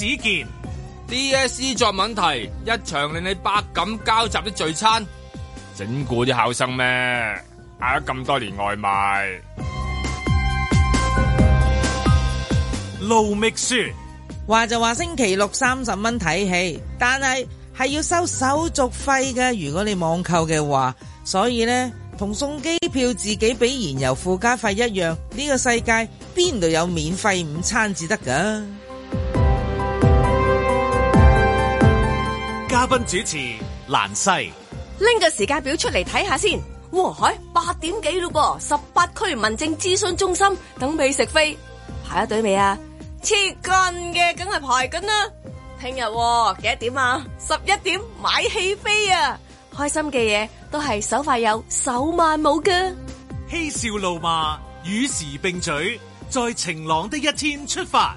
只見 DSE 作文題，一場令你百感交集的聚餐，整蠱啲考生咩？嗌咗咁多年外賣路密書，話就話星期六三十蚊睇戲，但係係要收手續費嘅。如果你網購嘅話，所以呢，同送機票自己俾燃油附加費一樣。呢個世界邊度有免費午餐至得噶？嘉賓主持蘭西，拎個時間表出嚟睇下先。哇，喺八點幾咯噃，十八區民政諮詢中心等美食飛排咗隊未啊？切近嘅梗係排緊啦。聽日幾多點啊？十一點買戲飛啊！開心嘅嘢都係手快有手慢冇噶。嬉笑怒罵與時並嘴，在晴朗的一天出發。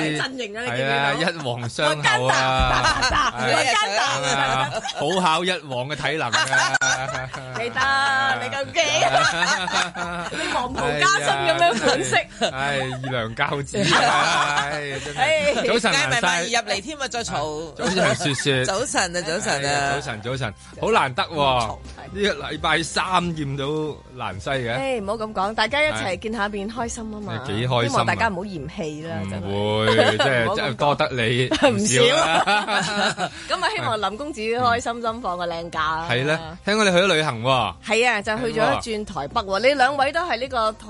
陣營啊！係啊，一王雙虎啊！好考一王嘅體能啊！你得，你究竟你黃袍加身咁樣款式？唉，二娘教子啊！唉，早晨啊，二入嚟添啊，再嘈。早晨，雪雪。早晨啊，早晨啊。早晨，早晨，好難得。呢個禮拜三見到南西嘅，誒唔好咁講，大家一齊見下面開心啊嘛！幾開心啊！希望大家唔好嫌棄啦，真係會，真係真係多得你唔少啦。咁啊，希望林公子開心心放個靚假啦。係咧，聽講你去咗旅行喎。係啊，就去咗一轉台北喎。你兩位都係呢個台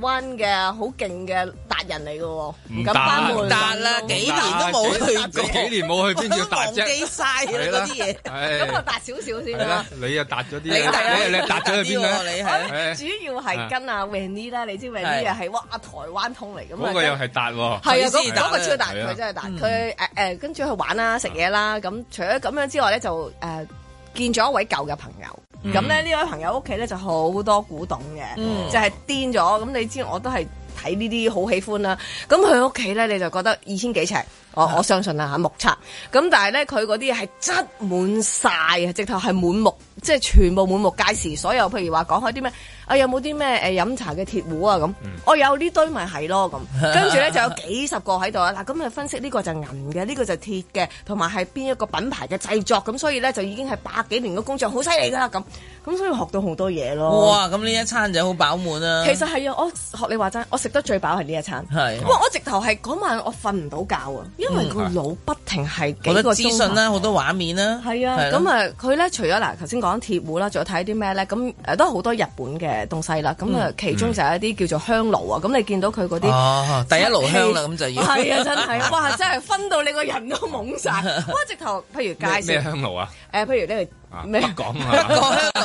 灣嘅好勁嘅達人嚟嘅喎，唔得唔得啦！幾年都冇去，幾年冇去邊度？忘記曬嗰啲嘢，咁啊，達少少先啦。你啊，達咗啲。你係你搭咗去邊咧？主要係跟阿 Wendy 啦，你知 Wendy 啊係哇台灣通嚟噶嘛？嗰個又係搭喎，係啊然，嗰嗰個超達的真係佢真係搭。佢誒誒，跟住去玩啦，食嘢啦，咁除咗咁樣之外咧，就誒、呃、見咗一位舊嘅朋友。咁咧、嗯、呢位朋友屋企咧就好多古董嘅，嗯、就係癲咗。咁你知我都係。睇呢啲好喜歡啦，咁佢屋企咧你就覺得二千幾尺，我我相信啦吓，目測。咁但係咧，佢嗰啲係擠滿晒，直頭係滿目，即係全部滿目皆是，時所有譬如話講開啲咩？啊，有冇啲咩誒飲茶嘅鐵壺啊咁？我、嗯哦、有堆呢堆咪係咯咁，跟住咧就有幾十個喺度啊！嗱咁啊分析呢、呢個就銀嘅，呢、呢個就鐵嘅，同埋係邊一個品牌嘅製作咁，所以咧就已經係百幾年嘅工作，好犀利㗎喇咁。咁所以學到好多嘢咯。哇！咁呢一餐就好飽滿啊。其實係啊，我學你話齋，我食得最飽係呢一餐。哇、啊！我直頭係嗰晚我瞓唔到覺啊，因為個腦不停係幾個多資訊啦、啊，好多畫面啦。係啊，咁啊佢咧、嗯啊、除咗嗱頭先講鐵壺啦，仲有睇啲咩咧？咁誒都好多日本嘅。誒，東西啦，咁、嗯、啊，其中就有一啲叫做香爐啊，咁、嗯、你見到佢嗰啲第一爐香啦，咁、欸、就要係啊， 真係，哇，真係分到你個人都懵晒，不過， 直頭，譬如介紹咩香爐啊，誒、呃，譬如咧、這個。咩講啊？講香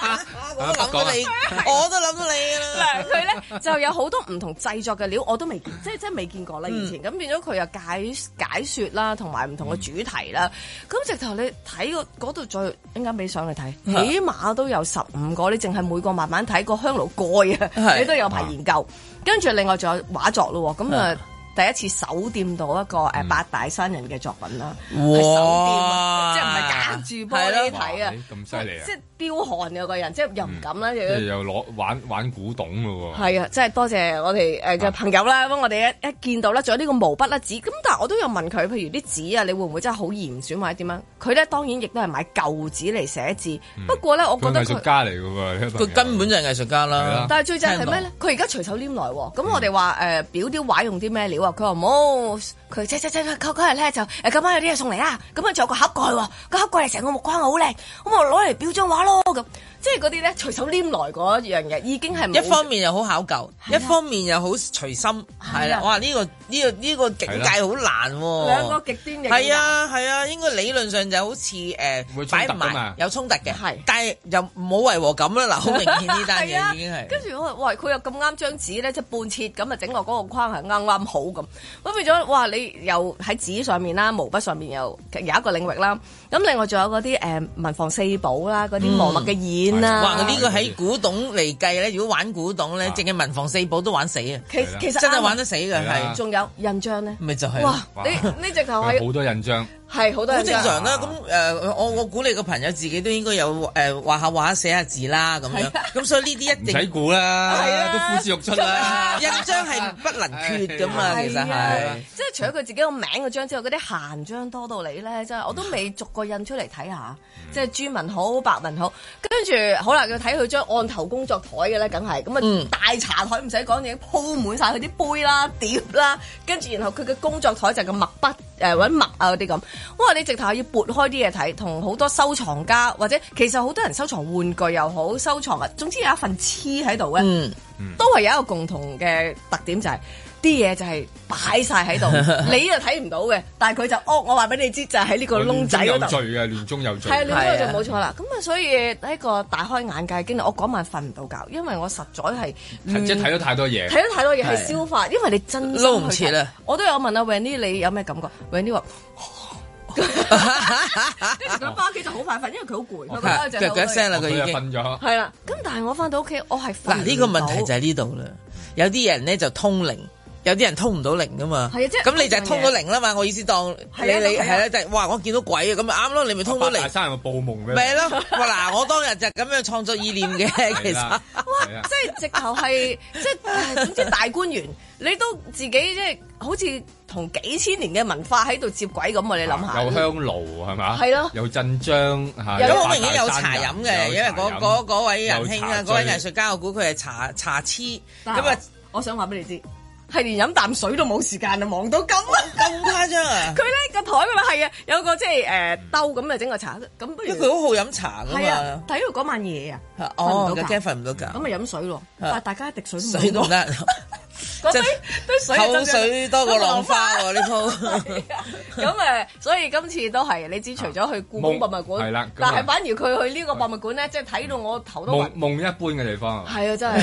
爐，我都諗到你，啊、我都諗到你啦。佢咧 就有好多唔同製作嘅料，我都未見即係即係未見過啦。嗯、以前咁變咗，佢又解解說啦，同埋唔同嘅主題啦。咁、嗯、直頭你睇嗰度，再一陣間俾上你睇，起碼都有十五個，你淨係每個慢慢睇個香爐蓋啊，你都有排研究。啊、跟住另外仲有畫作咯，咁啊。嗯第一次手掂到一個誒八大山人嘅作品啦，係手掂啊，即係唔係攬住玻璃睇啊？咁犀利啊！即係彪悍有個人，即係又唔敢啦。又攞玩玩古董咯喎。係啊，即係多謝我哋誒嘅朋友啦，幫我哋一一見到啦。仲有呢個毛筆啦紙咁，但係我都有問佢，譬如啲紙啊，你會唔會真係好嚴選或者點樣？佢咧當然亦都係買舊紙嚟寫字，不過咧我覺得佢藝術家嚟嘅，佢根本就係藝術家啦。但係最正係咩咧？佢而家隨手拈來喎。咁我哋話誒裱雕畫用啲咩料？佢話冇，佢即即即，佢嗰日咧就誒，今晚有啲嘢送嚟啦，咁啊，仲有個盒蓋，啊，個盒蓋嚟成個木框好靚，咁我攞嚟裱張畫咯咁。即係嗰啲咧，隨手拈來嗰樣嘢，已經係一方面又好考究，的一方面又好隨心，係啦的。哇！呢、呢個呢、呢個呢、呢個境界好難、啊，的兩個極端嘅，係啊係啊，應該理論上就好似誒、呃、擺唔埋，有衝突嘅，的但係又唔好違和感啦。嗱，好明顯呢單嘢已經係。跟住我話，哇！佢又咁啱張紙咧即係半切咁啊，整落嗰個框係啱啱好咁，咁變咗哇！你又喺紙上面啦，毛筆上面又有一個領域啦。咁另外仲有嗰啲誒文房四寶啦，嗰啲磨墨嘅硯。嗯 No. 哇！呢個喺古董嚟計咧，如果玩古董咧，淨係的文房四寶都玩死啊！其其實真係玩得死嘅，係的。仲的有印章咧，咪就係哇！呢呢隻頭係好多印章。係好正常啦，咁誒，我我估你個朋友自己都應該有誒畫下畫、寫下字啦，咁樣，咁所以呢啲一定唔使估啦，都呼之欲出啦，印章係不能缺㗎嘛，其實係，即係除咗佢自己個名個章之外，嗰啲閒章多到你咧，真係我都未逐個印出嚟睇下，即係朱文好、白文好，跟住好啦，要睇佢張案頭工作台嘅咧，梗係，咁啊大茶台唔使講，已經鋪滿晒佢啲杯啦、碟啦，跟住然後佢嘅工作台就個墨筆或者墨啊嗰啲咁。我話你直頭要撥開啲嘢睇，同好多收藏家或者其實好多人收藏玩具又好，收藏啊，總之有一份黐喺度嘅，嗯嗯、都係有一個共同嘅特點就係啲嘢就係擺晒喺度， 你又睇唔到嘅，但係佢就惡、哦。我話俾你知就喺、是、呢個窿仔有聚嘅，亂中有聚。係啊，亂中又聚，冇錯啦。咁啊，所以呢個大開眼界經歷，我嗰晚瞓唔到覺，因為我實在係即係睇咗太多嘢，睇咗太多嘢係消化，啊、因為你真心唔切咧。我都有問阿、啊、Wendy，你有咩感覺？Wendy 話。跟住翻屋企就好快瞓，因為佢好攰。佢一聲啦，佢已經瞓咗。係啦，咁但係我翻到屋企，我係瞓。嗱，呢個問題就係呢度啦。有啲人咧就通靈。有啲人通唔到靈噶嘛，咁你就係通到靈啦嘛。我意思當你你係啦，就係哇！我見到鬼啊，咁咪啱咯，你咪通到靈。八大山人有報夢咩？咪係咯，嗱，我當日就咁樣創作意念嘅，其實哇，即係直頭係即係，總之大官員你都自己即係好似同幾千年嘅文化喺度接軌咁啊！你諗下，有香爐係嘛？係咯，有鎮章咁我明顯有茶飲嘅，因為嗰位仁兄啊，嗰位藝術家，我估佢係茶茶痴咁啊！我想話俾你知。係連飲啖水都冇時間啊！忙到咁，咁誇張啊！佢咧 個台咁，呃、啊，係啊，有個即係誒兜咁啊，整個茶咁。因為佢好好飲茶噶嘛。係啊，但係因為嗰晚夜啊，瞓唔到覺，驚瞓唔到覺。咁咪飲水咯，但係大家一滴水都唔得。 即係口水多過浪花喎呢鋪，咁誒，所以今次都係你知，除咗去故宮博物館，係啦，嗱，係反而佢去呢個博物館咧，即係睇到我頭都夢一般嘅地方，係啊，真係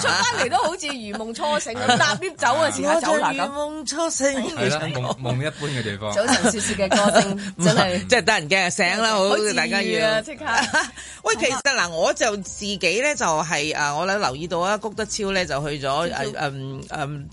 出翻嚟都好似如夢初醒咁，搭啲走嘅時候，係如夢初醒，係啦，夢夢一般嘅地方，早晨雪雪嘅歌聲真係，即係得人驚醒啦，好，大家要喂，其實嗱，我就自己咧就係誒，我咧留意到啊，谷德超咧就去咗嗯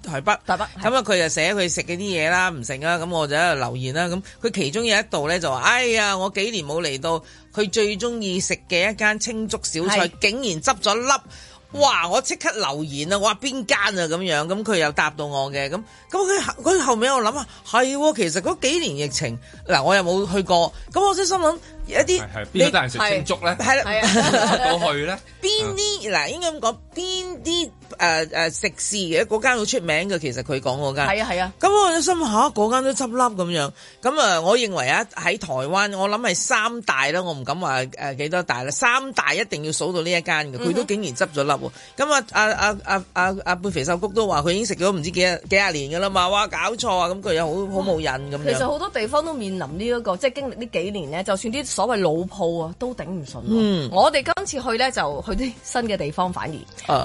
誒，台北台北，咁啊，佢就寫佢食嗰啲嘢啦，唔成啊，咁我就喺度留言啦。咁佢其中有一度咧就話，哎呀，我幾年冇嚟到佢最中意食嘅一間清粥小菜，竟然執咗粒，哇！我即刻留言啦，我話邊間啊，咁樣，咁佢又答到我嘅，咁，咁佢佢後尾我諗啊，係，其實嗰幾年疫情，嗱，我又冇去過，咁我真心諗。一啲邊啲大食正宗咧？係啦，過去咧邊啲嗱？應該咁講邊啲誒誒食肆嘅嗰間好出名嘅？其實佢講嗰間係啊係啊。咁我心下，嗰間都執笠咁樣。咁啊，我認為啊喺台灣，我諗係三大啦，我唔敢話誒幾多大啦。三大一定要數到呢一間嘅，佢都竟然執咗笠。咁啊啊啊啊啊！半肥瘦菊都話佢已經食咗唔知幾多廿年嘅啦嘛，哇搞錯啊！咁佢又好好冇癮咁。其實好多地方都面臨呢一個，即係經歷呢幾年咧，就算啲。所謂老鋪啊，都頂唔順。嗯，我哋今次去咧就去啲新嘅地方，反而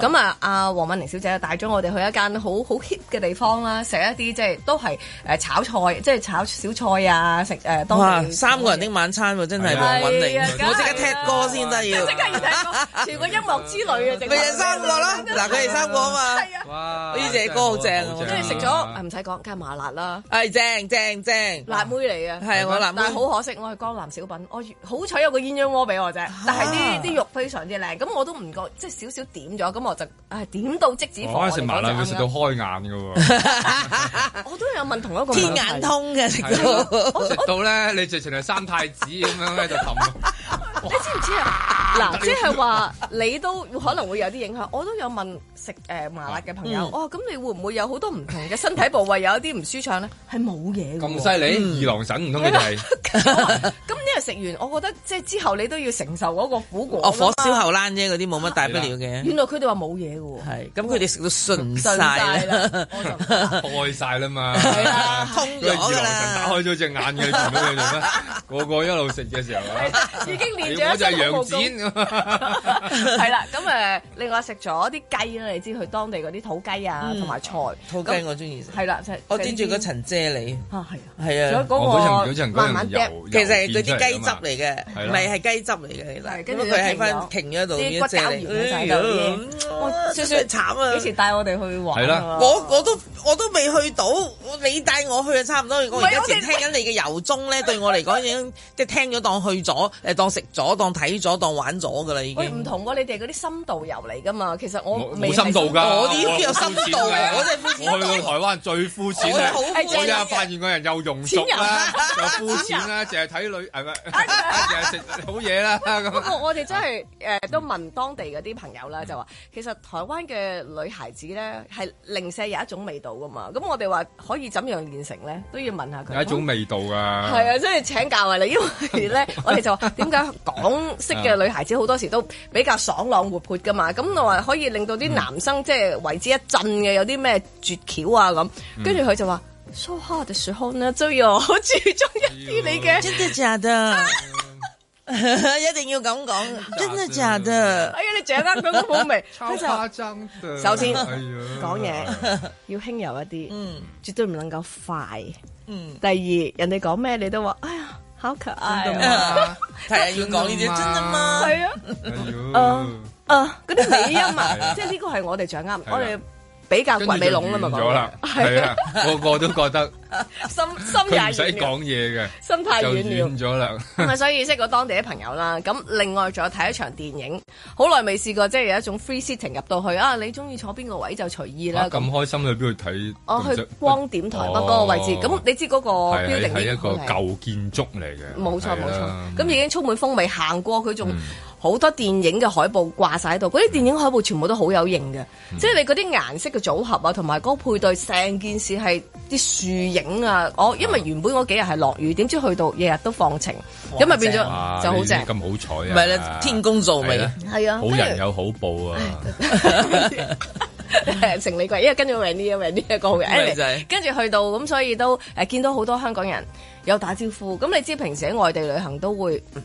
咁啊，阿黃敏玲小姐帶咗我哋去一間好好 hit 嘅地方啦，食一啲即係都係誒炒菜，即係炒小菜啊，食誒。哇！三個人的晚餐喎，真係黃敏玲，我即刻踢歌先得要，即刻要踢歌，調個音樂之旅啊，淨係三個咯。嗱，佢哋三個啊嘛。係啊！呢隻歌好正。跟住食咗，唔使講，梗係麻辣啦。係正正正，辣妹嚟嘅係我辣妹。好可惜，我係江南小品。好彩有個鴛鴦鍋俾我啫，但係呢啲肉非常之靚，咁我都唔覺，即係少少點咗，咁我就誒點到即止。我食麻辣會食到開眼噶，我都有問同一個天眼通嘅食到，食到咧你直情係三太子咁樣喺度氹。你知唔知啊？嗱，即係話你都可能會有啲影響。我都有問食誒麻辣嘅朋友，哦，咁你會唔會有好多唔同嘅身體部位有一啲唔舒暢咧？係冇嘢。咁犀利？二郎神唔通你係？呢日食完。我覺得即係之後你都要承受嗰個苦果。哦，火燒後欄啫，嗰啲冇乜大不了嘅。原來佢哋話冇嘢嘅喎。係，咁佢哋食到順晒。開晒啦嘛。痛咗打開咗隻眼嘅，見到佢哋咩？個個一路食嘅時候，已經練咗一隻武功。我就揚劍。係啦，咁誒，另外食咗啲雞你知佢當地嗰啲土雞啊，同埋菜。土雞我中意食。係啦，我煎住嗰層啫喱。啊，係啊，係啊，嗰個慢慢夾。其實佢啲雞汁。嚟嘅，唔係係雞汁嚟嘅，其實。跟住佢喺翻停咗度，啲骨膠原就咁樣，少少慘啊！幾時帶我哋去玩？係啦，我我都我都未去到，你帶我去啊，差唔多。我而家淨聽緊你嘅遊蹤咧，對我嚟講已經即係聽咗當去咗，誒當食咗，當睇咗，當玩咗噶啦已經。喂，唔同喎，你哋嗰啲深度遊嚟噶嘛？其實我冇深度㗎，嗰啲先有深度嘅。我真係膚淺，台灣最膚淺嘅，我又發現個人又庸俗啦，又膚淺啦，成日睇女係咪？食好嘢啦！不過我哋真係誒、呃、都問當地嗰啲朋友啦，就話其實台灣嘅女孩子咧係零舍有一種味道噶嘛。咁我哋話可以怎樣練成咧，都要問下佢。有一種味道㗎。係我 啊，即係請教㗎你。因為咧， 我哋就話點解港式嘅女孩子好多時都比較爽朗活潑㗎嘛。咁我話可以令到啲男生、嗯、即係為之一振嘅，有啲咩絕橋啊咁。跟住佢就話。說話嘅時候呢，就要好注重一啲你嘅，真的假的？一定要咁講，真的假的？哎呀，你掌握到都好味，超誇張的。首先講嘢要輕柔一啲，嗯，絕對唔能夠快，嗯。第二，人哋講咩你都話，哎呀，好可愛，係要講呢啲，真的嗎？係啊，啊啊，嗰啲尾音啊，即係呢個係我哋掌握，我哋。比較骨比籠啦嘛，係啊，個個都覺得。心心也唔使講嘢嘅，心態軟咗啦。所以識過當地啲朋友啦。咁另外仲有睇一場電影，好耐未試過，即係有一種 free sitting 入到去啊。你中意坐邊個位就隨意啦。咁開心去邊度睇？我去光點台北嗰個位置。咁你知嗰個 building 係一個舊建築嚟嘅，冇錯冇錯。咁已經充滿風味，行過佢仲好多電影嘅海報掛晒喺度。嗰啲電影海報全部都好有型嘅，即係你嗰啲顏色嘅組合啊，同埋嗰個配對，成件事係。啲樹影啊！我、哦、因為原本嗰幾日係落雨，點知去到日日都放晴，咁咪哇變咗、啊、就好正，咁好彩啊！唔係咧，天公造美，係啊！對啦好人有好報啊！成裏貴，因為跟住 a n 一個好人跟住去到咁，所以都誒見到好多香港人有打招呼。咁你知平時喺外地旅行都會。嗯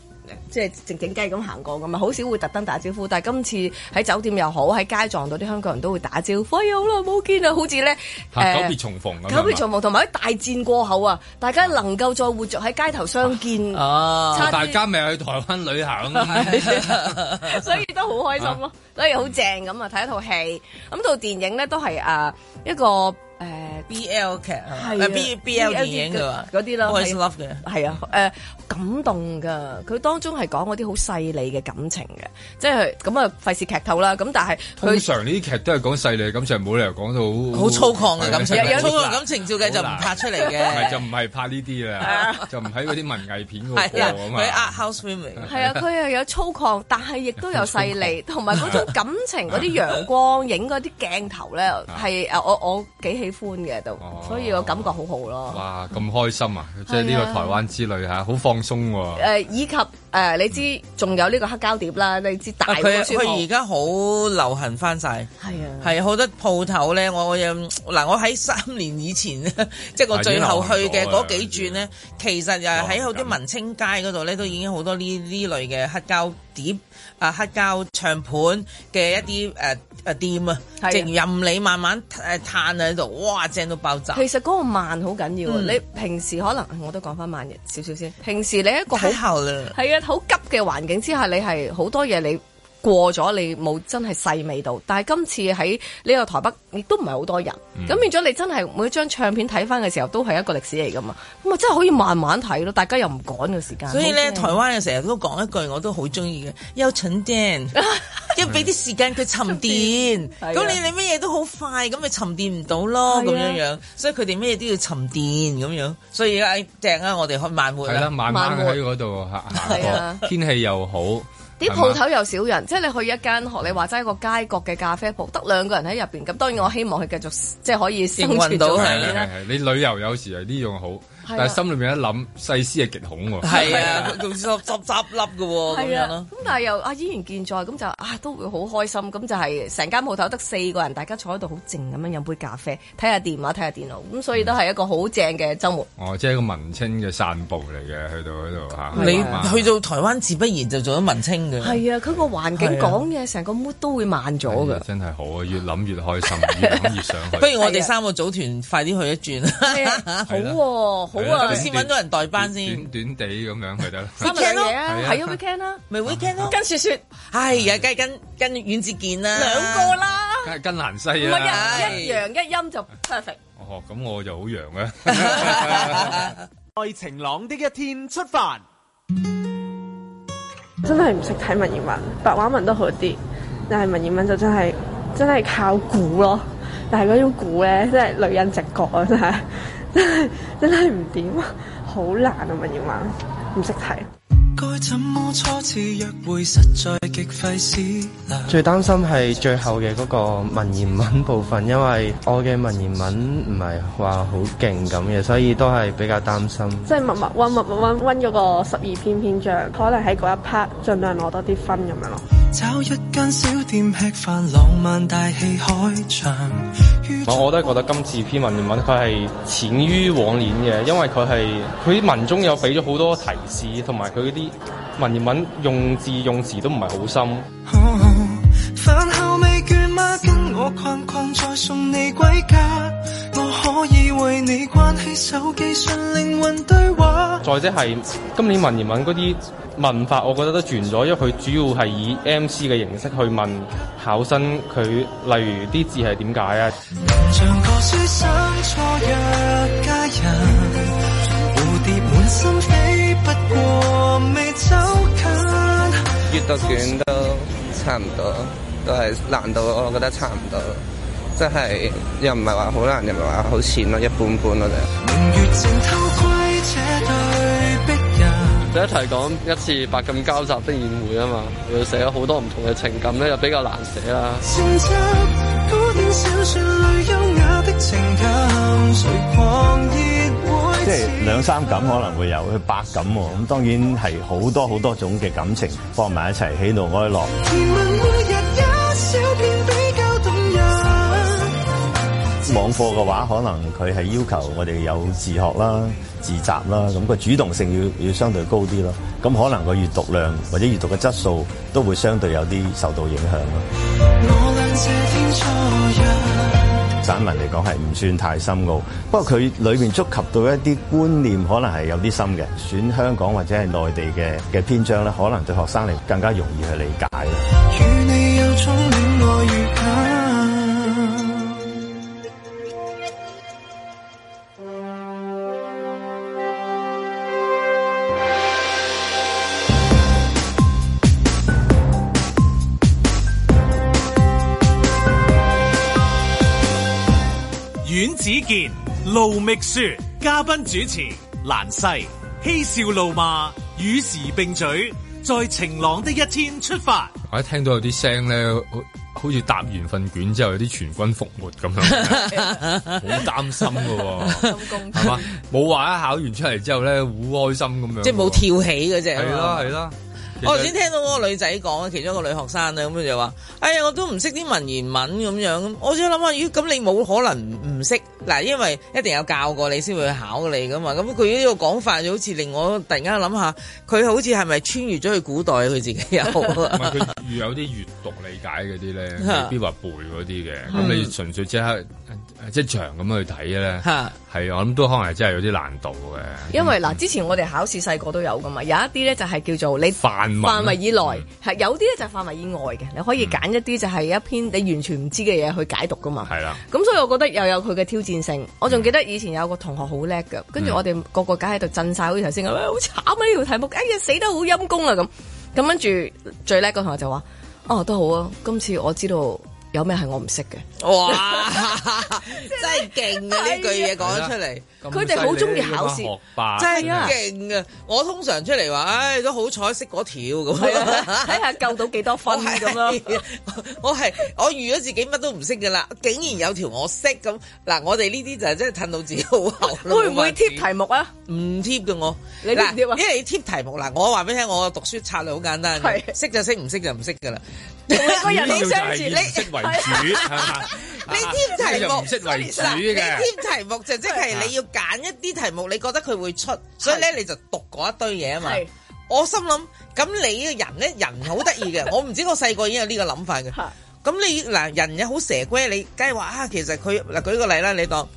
即係靜靜雞咁行過咁啊，好少會特登打招呼。但係今次喺酒店又好，喺街撞到啲香港人都會打招呼。哎呀，好耐冇見啦，好似咧誒久別重逢咁。久別重逢，同埋喺大戰過後啊，大家能夠再活著喺街頭相見啊！點大家咪去台灣旅行， 所以都好開心咯。啊、所以好正咁啊，睇一套戲咁套電影咧，都係誒一個。B L 劇啊，係 B B L 電影嗰啲咯，love 嘅。係啊，誒感動嘅，佢當中係講嗰啲好細膩嘅感情嘅，即係咁啊，費事劇透啦。咁但係通常呢啲劇都係講細膩感情，冇理由講到好粗獷嘅感情。有粗獷感情照計就唔拍出嚟嘅，唔係就唔係拍呢啲啦，就唔喺嗰啲文藝片嗰度啊嘛。佢《Housewarming》係啊，佢又有粗獷，但係亦都有細膩，同埋嗰種感情嗰啲陽光影嗰啲鏡頭咧，係我我幾喜歡嘅。哦、所以我感覺好好咯，哇咁開心啊！ 即係呢個台灣之旅嚇，好是、啊啊、放鬆喎、啊呃。以及。誒，你知仲有呢個黑膠碟啦？啊、你知大佢而家好流行翻晒，係啊，係好多鋪頭咧。我我嗱，我喺三年以前咧，即係 我最後去嘅嗰幾轉咧，啊啊啊、其實又喺好多文青街嗰度咧，都已經好多呢呢類嘅黑膠碟啊、黑膠唱片嘅一啲誒啊店啊，啊啊任你慢慢誒嘆啊喺度，哇，正到爆炸！其實嗰個慢好緊要，嗯、你平時可能我都講翻慢少少先。平時你一個睇效啦，係啊。.好急嘅環境之下，你係好多嘢你。過咗你冇真係細味道，但係今次喺呢個台北亦都唔係好多人，咁變咗你真係每張唱片睇翻嘅時候都係一個歷史嚟噶嘛，咁啊真係可以慢慢睇咯，大家又唔趕嘅時間。所以咧，okay. 台灣嘅成日都講一句，我都好中意嘅，要沉澱，要俾啲時間佢沉澱。咁、 啊、你你乜嘢都好快，咁咪沉澱唔到咯，咁樣、啊、樣。所以佢哋咩嘢都要沉澱咁樣。所以而家正啊，我哋去慢活係啦，慢慢喺嗰度吓，天氣又好。啲鋪頭又少人，嗎即係你去一間學你話齋一個街角嘅咖啡鋪，得兩個人喺入邊。咁當然我希望佢繼續即係可以生存到係啦。你旅遊有時係呢種好。但係心裏面一諗，細思係極恐喎。係啊，仲執執執粒嘅喎。係啊。咁但係又啊依然健在，咁就啊都會好開心。咁就係成間鋪頭得四個人，大家坐喺度好靜咁樣飲杯咖啡，睇下電話，睇下電腦。咁所以都係一個好正嘅週末。哦，即係一個文青嘅散步嚟嘅，去到嗰度你去到台灣自不然就做咗文青嘅。係啊，佢個環境講嘢，成個 mood 都會慢咗㗎。真係好啊！越諗越開心，越諗越想去。不如我哋三個組團，快啲去一轉。好。好啊，佢先揾到人代班先，短短地咁樣咪得啦。We can 咯，係啊，We can 啦，咪 We can 咯。跟住說，哎呀，梗係跟跟阮志健啦，兩個啦，梗係跟蘭西啊，一陽一陰就 perfect。哦，咁我就好陽啊。愛晴朗的一天出發，真係唔識睇文言文，白話文都好啲，但係文言文就真係真係靠估咯。但係嗰種估咧，真係女人直覺啊，真係。 真係真係唔掂啊！好難啊，文言文，唔識睇。最擔心係最後嘅嗰個文言文部分，因為我嘅文言文唔係話好勁咁嘅，所以都係比較擔心。即係密密溫密密溫溫咗個十二篇篇章，可能喺嗰一 part 盡量攞多啲分咁樣咯。找一間小店食飯，浪漫大戲開場。我我都係覺得今次篇文言文佢係淺於往年嘅，因為佢係佢文中有俾咗好多提示，同埋。佢嗰啲文言文用字用詞都唔係好深。Oh, 飯後未倦嗎，跟我逛逛再送你歸家。我可以為你關起手機，純靈魂對話。再者係今年文言文嗰啲問法，我覺得都轉咗，因為佢主要係以 MC 嘅形式去問考生，佢例如啲字係點解啊？閱讀卷都差唔多，都係難度，我覺得差唔多，即係又唔係話好難，又唔係話好淺咯，一般般咯就。明月正偷窺這對逼人第一題講一次百感交集的宴會啊嘛，要寫咗好多唔同嘅情感咧，就比較難寫啦。即係兩三感可能會有，佢百感喎，哦。咁當然係好多好多種嘅感情放埋一齊，喜怒哀樂。網課嘅話，可能佢係要求我哋有自學啦、自習啦，咁個主動性要要相對高啲咯。咁可能個閱讀量或者閱讀嘅質素都會相對有啲受到影響咯。我兩散文嚟講係唔算太深奧，不過佢裏邊觸及到一啲觀念，可能係有啲深嘅。選香港或者係內地嘅嘅篇章咧，可能對學生嚟更加容易去理解啦。子健、盧覓雪，嘉賓主持蘭西，嬉笑怒罵，與時並舉，在晴朗的一天出發。我一聽到有啲聲咧，好似答完份卷之後有啲全軍覆沒咁樣，好擔 心噶。係嘛，冇話啊， 考完出嚟之後咧，好開心咁樣的，即係冇跳起嘅啫。係啦、 啊，係啦、啊。我頭先聽到嗰個女仔講啊，其中一個女學生啊，咁佢就話：哎呀，我都唔識啲文言文咁樣。我就想諗下，咦，咁你冇可能唔識嗱，因為一定有教過你先會去考你噶嘛。咁佢呢個講法就好似令我突然間諗下，佢好似係咪穿越咗去古代佢自己有？佢 有啲閲讀理解嗰啲咧，未必話背嗰啲嘅。咁 你純粹即刻。即係長咁樣去睇咧，係 我諗都可能係真係有啲難度嘅。因為嗱，嗯、之前我哋考試細個都有噶嘛，有一啲咧就係叫做你範範圍以內，係有啲咧就係範圍以外嘅。你可以揀一啲就係一篇你完全唔知嘅嘢，去解讀噶嘛。係啦，咁所以我覺得又有佢嘅挑戰性。嗯、我仲記得以前有個同學好叻嘅，跟住我哋個個解喺度震晒，好似頭先咁樣，好慘啊！呢條題目哎呀，死得好陰功啊，咁咁跟住最叻個同學就話：哦都好啊，今次我知道。有咩係我唔識嘅？哇，真係勁啊！呢句嘢講咗出嚟，佢哋好中意考試，真係勁啊！我通常出嚟話，唉，都好彩識嗰條咁，睇下救到幾多分咁咯。我係我預咗自己乜都唔識噶啦，竟然有條我識咁嗱，我哋呢啲就係真係褪到自己好厚。會唔會貼題目啊？唔貼噶我，你唔貼啊？因為你貼題目嗱，我話俾你聽，我讀書策略好簡單，識就識，唔識就唔識噶啦。你個人你相住，你添題目識為主嘅，添題目就即係你要揀一啲題目，你覺得佢會出，所以咧你就讀嗰一堆嘢啊嘛。我心諗，咁你個人咧，人好得意嘅，我唔知我細個已經有呢個諗法嘅。咁你嗱人又好蛇龜，你梗係話啊，其實佢嗱舉個例啦，你當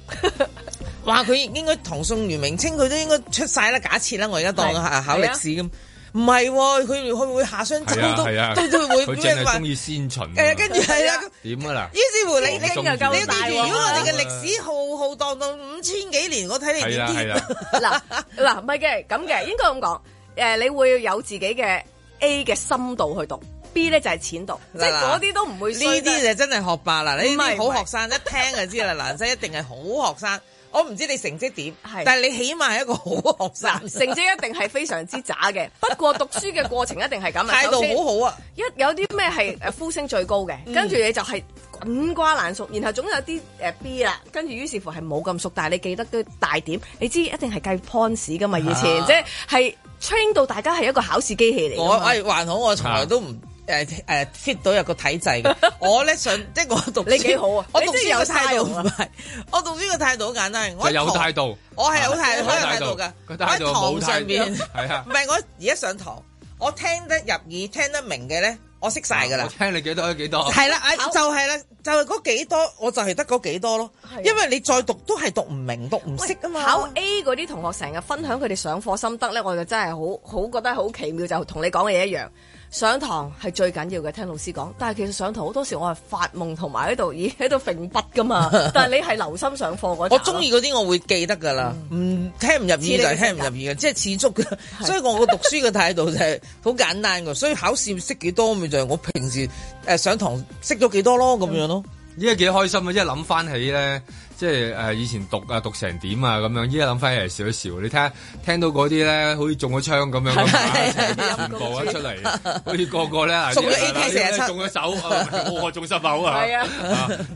話佢應該唐宋元明清佢都應該出晒啦，假設啦，我而家當考歷史咁。唔係喎，佢唔會下霜浸到，都都會。佢淨係中意先秦。誒，跟住係啊。點啊嗱？於是乎你你啲，你啲如果我哋嘅歷史浩浩蕩蕩五千幾年，我睇你點添？嗱嗱唔係嘅係咁嘅，應該咁講。誒，你會有自己嘅 A 嘅深度去讀，B 咧就係淺讀，即係嗰啲都唔會。呢啲就真係學霸啦！你唔係好學生一聽就知啦，男生一定係好學生。我唔知你成績點，是但係你起碼係一個好學生，成績一定係非常之渣嘅。 不過讀書嘅過程一定係咁， 態度好好啊。一有啲咩係誒呼聲最高嘅，嗯、跟住你就係滾瓜爛熟，然後總有啲誒 B 啦，跟住於是乎係冇咁熟，但係你記得啲大點，你知一定係計 point 㗎嘛？以前、 啊、即係 train 到大家係一個考試機器嚟。我誒還好，我從來都唔。 誒誒 fit 到有個體制嘅，我咧想即係我讀書你幾好啊，我我啊，我讀書有態度唔係，我讀書嘅態度好簡單，我有態度，我係有態度，好有態度噶，喺堂上邊係啊，唔係我而家上堂，我聽得入耳，聽得明嘅咧，我識晒噶啦，啊、聽你幾多幾多係 啦，就係、係、啦，就係嗰幾多，我就係得嗰幾多咯，考因為你再讀都係讀唔明，讀唔識啊嘛。考 A 嗰啲同學成日分享佢哋上課心得咧，我就真係好好覺得好奇妙，就同你講嘅嘢一樣。上堂係最緊要嘅，聽老師講。但係其實上堂好多時，我係發夢同埋喺度，咦喺度揈筆㗎嘛。 但係你係留心上課嗰啲。我中意嗰啲，我會記得㗎啦。唔、嗯、聽唔入耳就係聽唔入耳嘅，即係持足嘅。是所以我個讀書嘅態度就係好簡單嘅。 所以考試識幾多咪就係、是、我平時誒上堂識咗幾多咯，咁、嗯、樣咯。依家幾開心啊！即係諗翻起咧。即係誒，以前讀啊，讀成點啊咁樣，依家諗翻嚟笑一笑，你聽聽到啲咧，好似中咗槍咁樣，全部出嚟，好似個個咧，中咗 AK 成日中，中咗手，冇害中心口啊！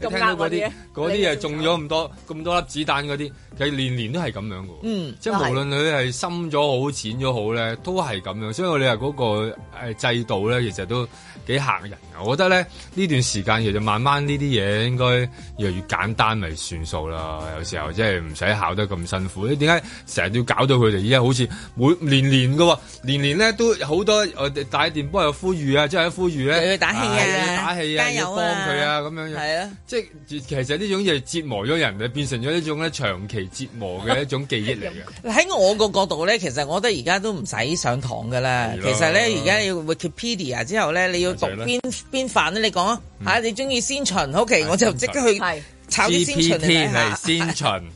咁啱嘅嗰啲，啲啊中咗咁多咁多粒子彈啲，佢年年都係咁樣嘅。嗯，即係無論佢係深咗好、淺咗好咧，都係咁樣，所以我哋話個誒制度咧，其實都幾嚇人嘅。我覺得咧呢段時間其實慢慢呢啲嘢應該越嚟越簡單嚟算。做啦，有時候即係唔使考得咁辛苦。你點解成日要搞到佢哋？而家好似每年年嘅，年年咧都好多。大電波又呼籲啊，即係呼籲咧，要打氣啊，要打氣啊，要幫佢啊，咁樣。係啊，即係其實呢種嘢折磨咗人，就變成咗一種咧長期折磨嘅一種記憶嚟嘅。喺我個角度咧，其實我覺得而家都唔使上堂噶啦。其實咧，而家要 Wikipedia 之後咧，你要讀邊邊範咧？你講啊，吓你中意先秦，OK，我就即刻去。GPT 係先進。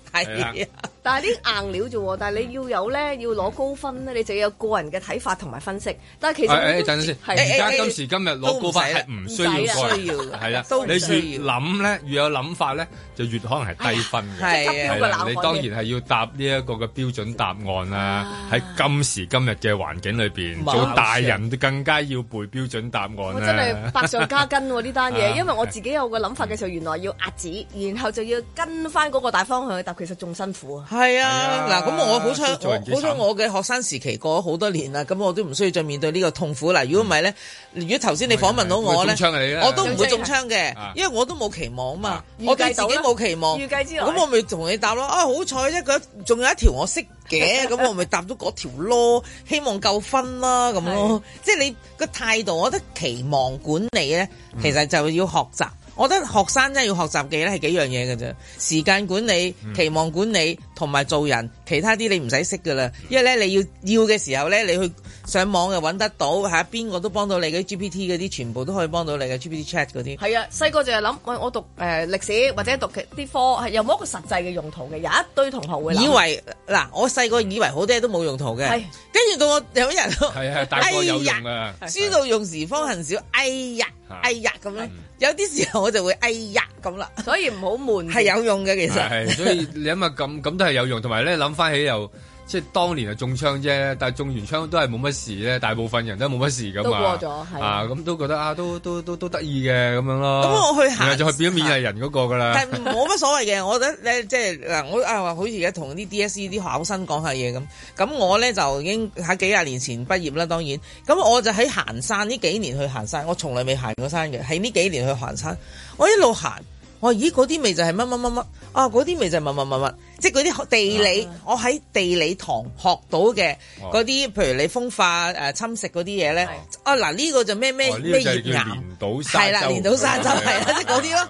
但係啲硬料啫，但係你要有咧，要攞高分咧，你就要有個人嘅睇法同埋分析。但係其實，等陣先，而家今時今日攞高分係唔需要，唔需要，係啦。你越諗咧，越有諗法咧，就越可能係低分嘅。係啊，你當然係要答呢一個嘅標準答案啦。喺今時今日嘅環境裏邊，做大人都更加要背標準答案。我真係百上加斤喎，呢單嘢，因為我自己有個諗法嘅時候，原來要壓指，然後就要跟翻嗰個大方向去答其實仲辛苦啊！係啊，嗱咁我好彩，好彩我嘅學生時期過咗好多年啦，咁我都唔需要再面對呢個痛苦啦。如果唔係咧，如果頭先你訪問到我咧，我都唔會中槍嘅，因為我都冇期望啊嘛，我對自己冇期望，預計之外，咁我咪同你答咯。啊，好彩啫，佢仲有一條我識嘅，咁我咪答咗嗰條咯，希望夠分啦，咁咯。即係你個態度，我覺得期望管理咧，其實就要學習。我覺得學生真係要學習嘅咧係幾樣嘢㗎啫，時間管理、期望管理。同埋做人，其他啲你唔使識噶啦，因為咧你要要嘅時候咧，你去上網又揾得到，嚇邊個都幫到你嗰啲 GPT 嗰啲，全部都可以幫到你嘅 GPT Chat 嗰啲。係啊，細個就係諗，我我讀誒、呃、歷史或者讀啲科，係有冇一個實際嘅用途嘅，有一堆同學會以為嗱，我細個以為好多嘢都冇用途嘅，是跟住到我有一日，係啊，大用、哎、書到用時方恨少，哎呀，啊、哎呀咁樣，啊、有啲時候我就會哎呀咁啦，所以唔好悶，係有用嘅其實。所以你諗下咁咁有用，同埋咧諗翻起又即係當年啊中槍啫，但係中完槍都係冇乜事咧，大部分人都冇乜事噶嘛，過咗啊咁，嗯、都覺得啊都都都都得意嘅咁樣咯。咁我去行就變表面人嗰個噶啦，但冇乜所謂嘅。我覺得咧即係嗱，我啊好似而家同啲 DSE 啲考生講下嘢咁。咁我咧就已經喺幾廿年前畢業啦，當然。咁我就喺行山呢幾年去行山，我從來未行過山嘅。喺呢幾年去行山，我一路行。我咦，嗰啲味就係乜乜乜乜啊，嗰啲味就係乜乜乜乜，即係嗰啲地理我喺地理堂學到嘅嗰啲，譬如你風化誒侵蝕嗰啲嘢咧，啊，嗱，呢個就咩咩咩岩島係啦，連島山就係啦，即係嗰啲咯。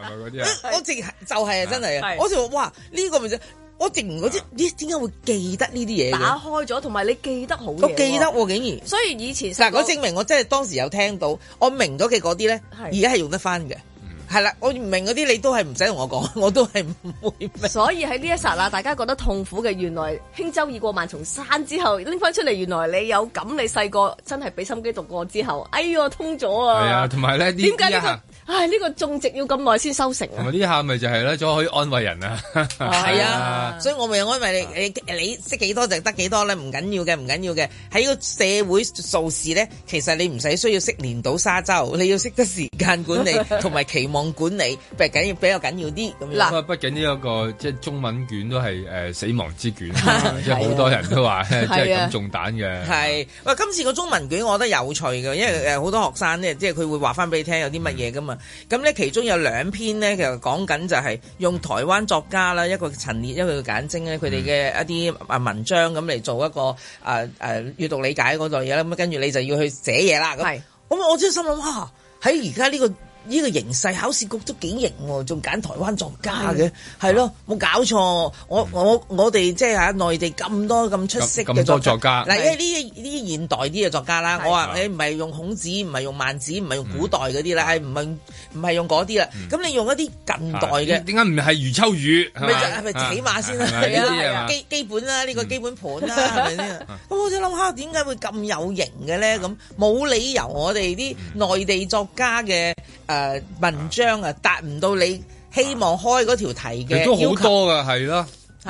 我直就係真係我直話哇，呢個咪就我直唔知啲咦，點解會記得呢啲嘢？打開咗，同埋你記得好我記得竟然。所以以前嗱，我證明我真係當時有聽到，我明咗嘅嗰啲咧，而家係用得翻嘅。係啦，我唔明嗰啲，你都係唔使同我講，我都係唔會明。所以喺呢一剎啦，大家覺得痛苦嘅，原來輕舟已過萬重山之後拎翻出嚟，原來你有咁，你細個真係俾心機讀過之後，哎呦通咗啊！係啊，同埋咧，點解呢個？唉，呢、這個種植要咁耐先收成啊！呢下咪就係咧，仲可以安慰人啊！係 啊， 所以我咪安慰你，你你識幾多就得幾多啦，唔緊要嘅，唔緊要嘅。喺個社會做事咧，其實你唔使需要識連島沙洲，你要識得時間管理同埋 期望管理，比較緊要，比較緊要啲咁樣。嗱、啊，畢竟呢、這、一個即係中文卷都係誒、呃、死亡之卷， 即係好多人都話 即係咁重擔嘅。係，喂，今次個中文卷我覺得有趣嘅，因為誒好多學生咧，即係佢會話返俾你聽有啲乜嘢㗎嘛。嗯。咁咧，其中有兩篇咧，其實講緊就係用台灣作家啦，一個陳列，一個簡晶咧，佢哋嘅一啲啊文章咁嚟做一個啊啊閱讀理解嗰度嘢啦。咁跟住你就要去寫嘢啦。咁是，咁我真係心諗嘩，喺而家呢個。呢個形勢，考試局都幾型喎，仲揀台灣作家嘅，係咯，冇搞錯，我我我哋即係喺內地咁多咁出色嘅作家，嗱，呢啲呢啲現代啲嘅作家啦，我話你唔係用孔子，唔係用孟子，唔係用古代嗰啲啦，係唔係用唔係用嗰啲啦，咁你用一啲近代嘅，點解唔係余秋雨？咪就係咪起碼先啦，基基本啦，呢個基本盤啦，係咪先？咁我就諗下點解會咁有型嘅咧？咁冇理由我哋啲內地作家嘅誒。誒，文章啊，達唔到你希望開嗰條題嘅，都好多噶，係咯。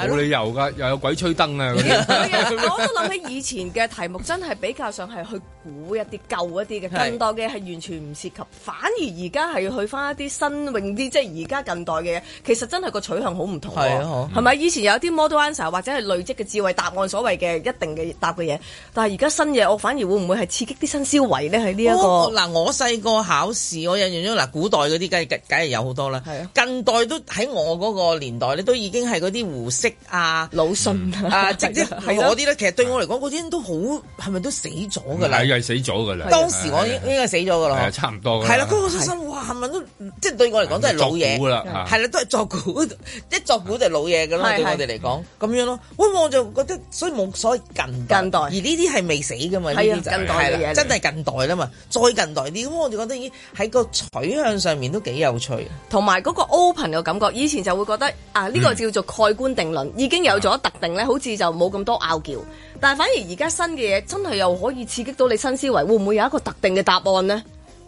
冇理由㗎，又有鬼吹燈啊！ 我都諗起以前嘅題目，真係比較上係去估一啲舊一啲嘅是更多嘅，係完全唔涉及。反而而家係去翻一啲新穎啲，即係而家近代嘅嘢，其實真係個取向好唔同。係咪、啊嗯、以前有啲 model answer 或者係累積嘅智慧答案，所謂嘅一定嘅答嘅嘢？但係而家新嘢，我反而會唔會係刺激啲新思維呢？喺呢一個嗱、哦呃，我細個考試，我印象中嗱，古代嗰啲梗係梗係有好多啦。係啊，近代都喺我嗰個年代咧，你都已經係嗰啲胡啊，魯迅啊，即係啲咧。其實對我嚟講，嗰啲都好，係咪都死咗噶啦？係係死咗噶啦。當時我應應該死咗噶啦，差唔多。係啦，嗰個出身，哇，係咪都即係對我嚟講都係老嘢啦。係啦，都係作古，一作古就老嘢噶啦。對我哋嚟講，咁樣咯。咁我就覺得，所以冇所謂近代。而呢啲係未死噶嘛？係啊，近代真係近代啦嘛，再近代啲。咁我哋覺得喺個取向上面都幾有趣。同埋嗰個 open 嘅感覺，以前就會覺得啊，呢個叫做蓋棺定已經有咗特定咧，好似就冇咁多拗撬，但係反而而家新嘅嘢真係又可以刺激到你新思維，會唔會有一個特定嘅答案呢？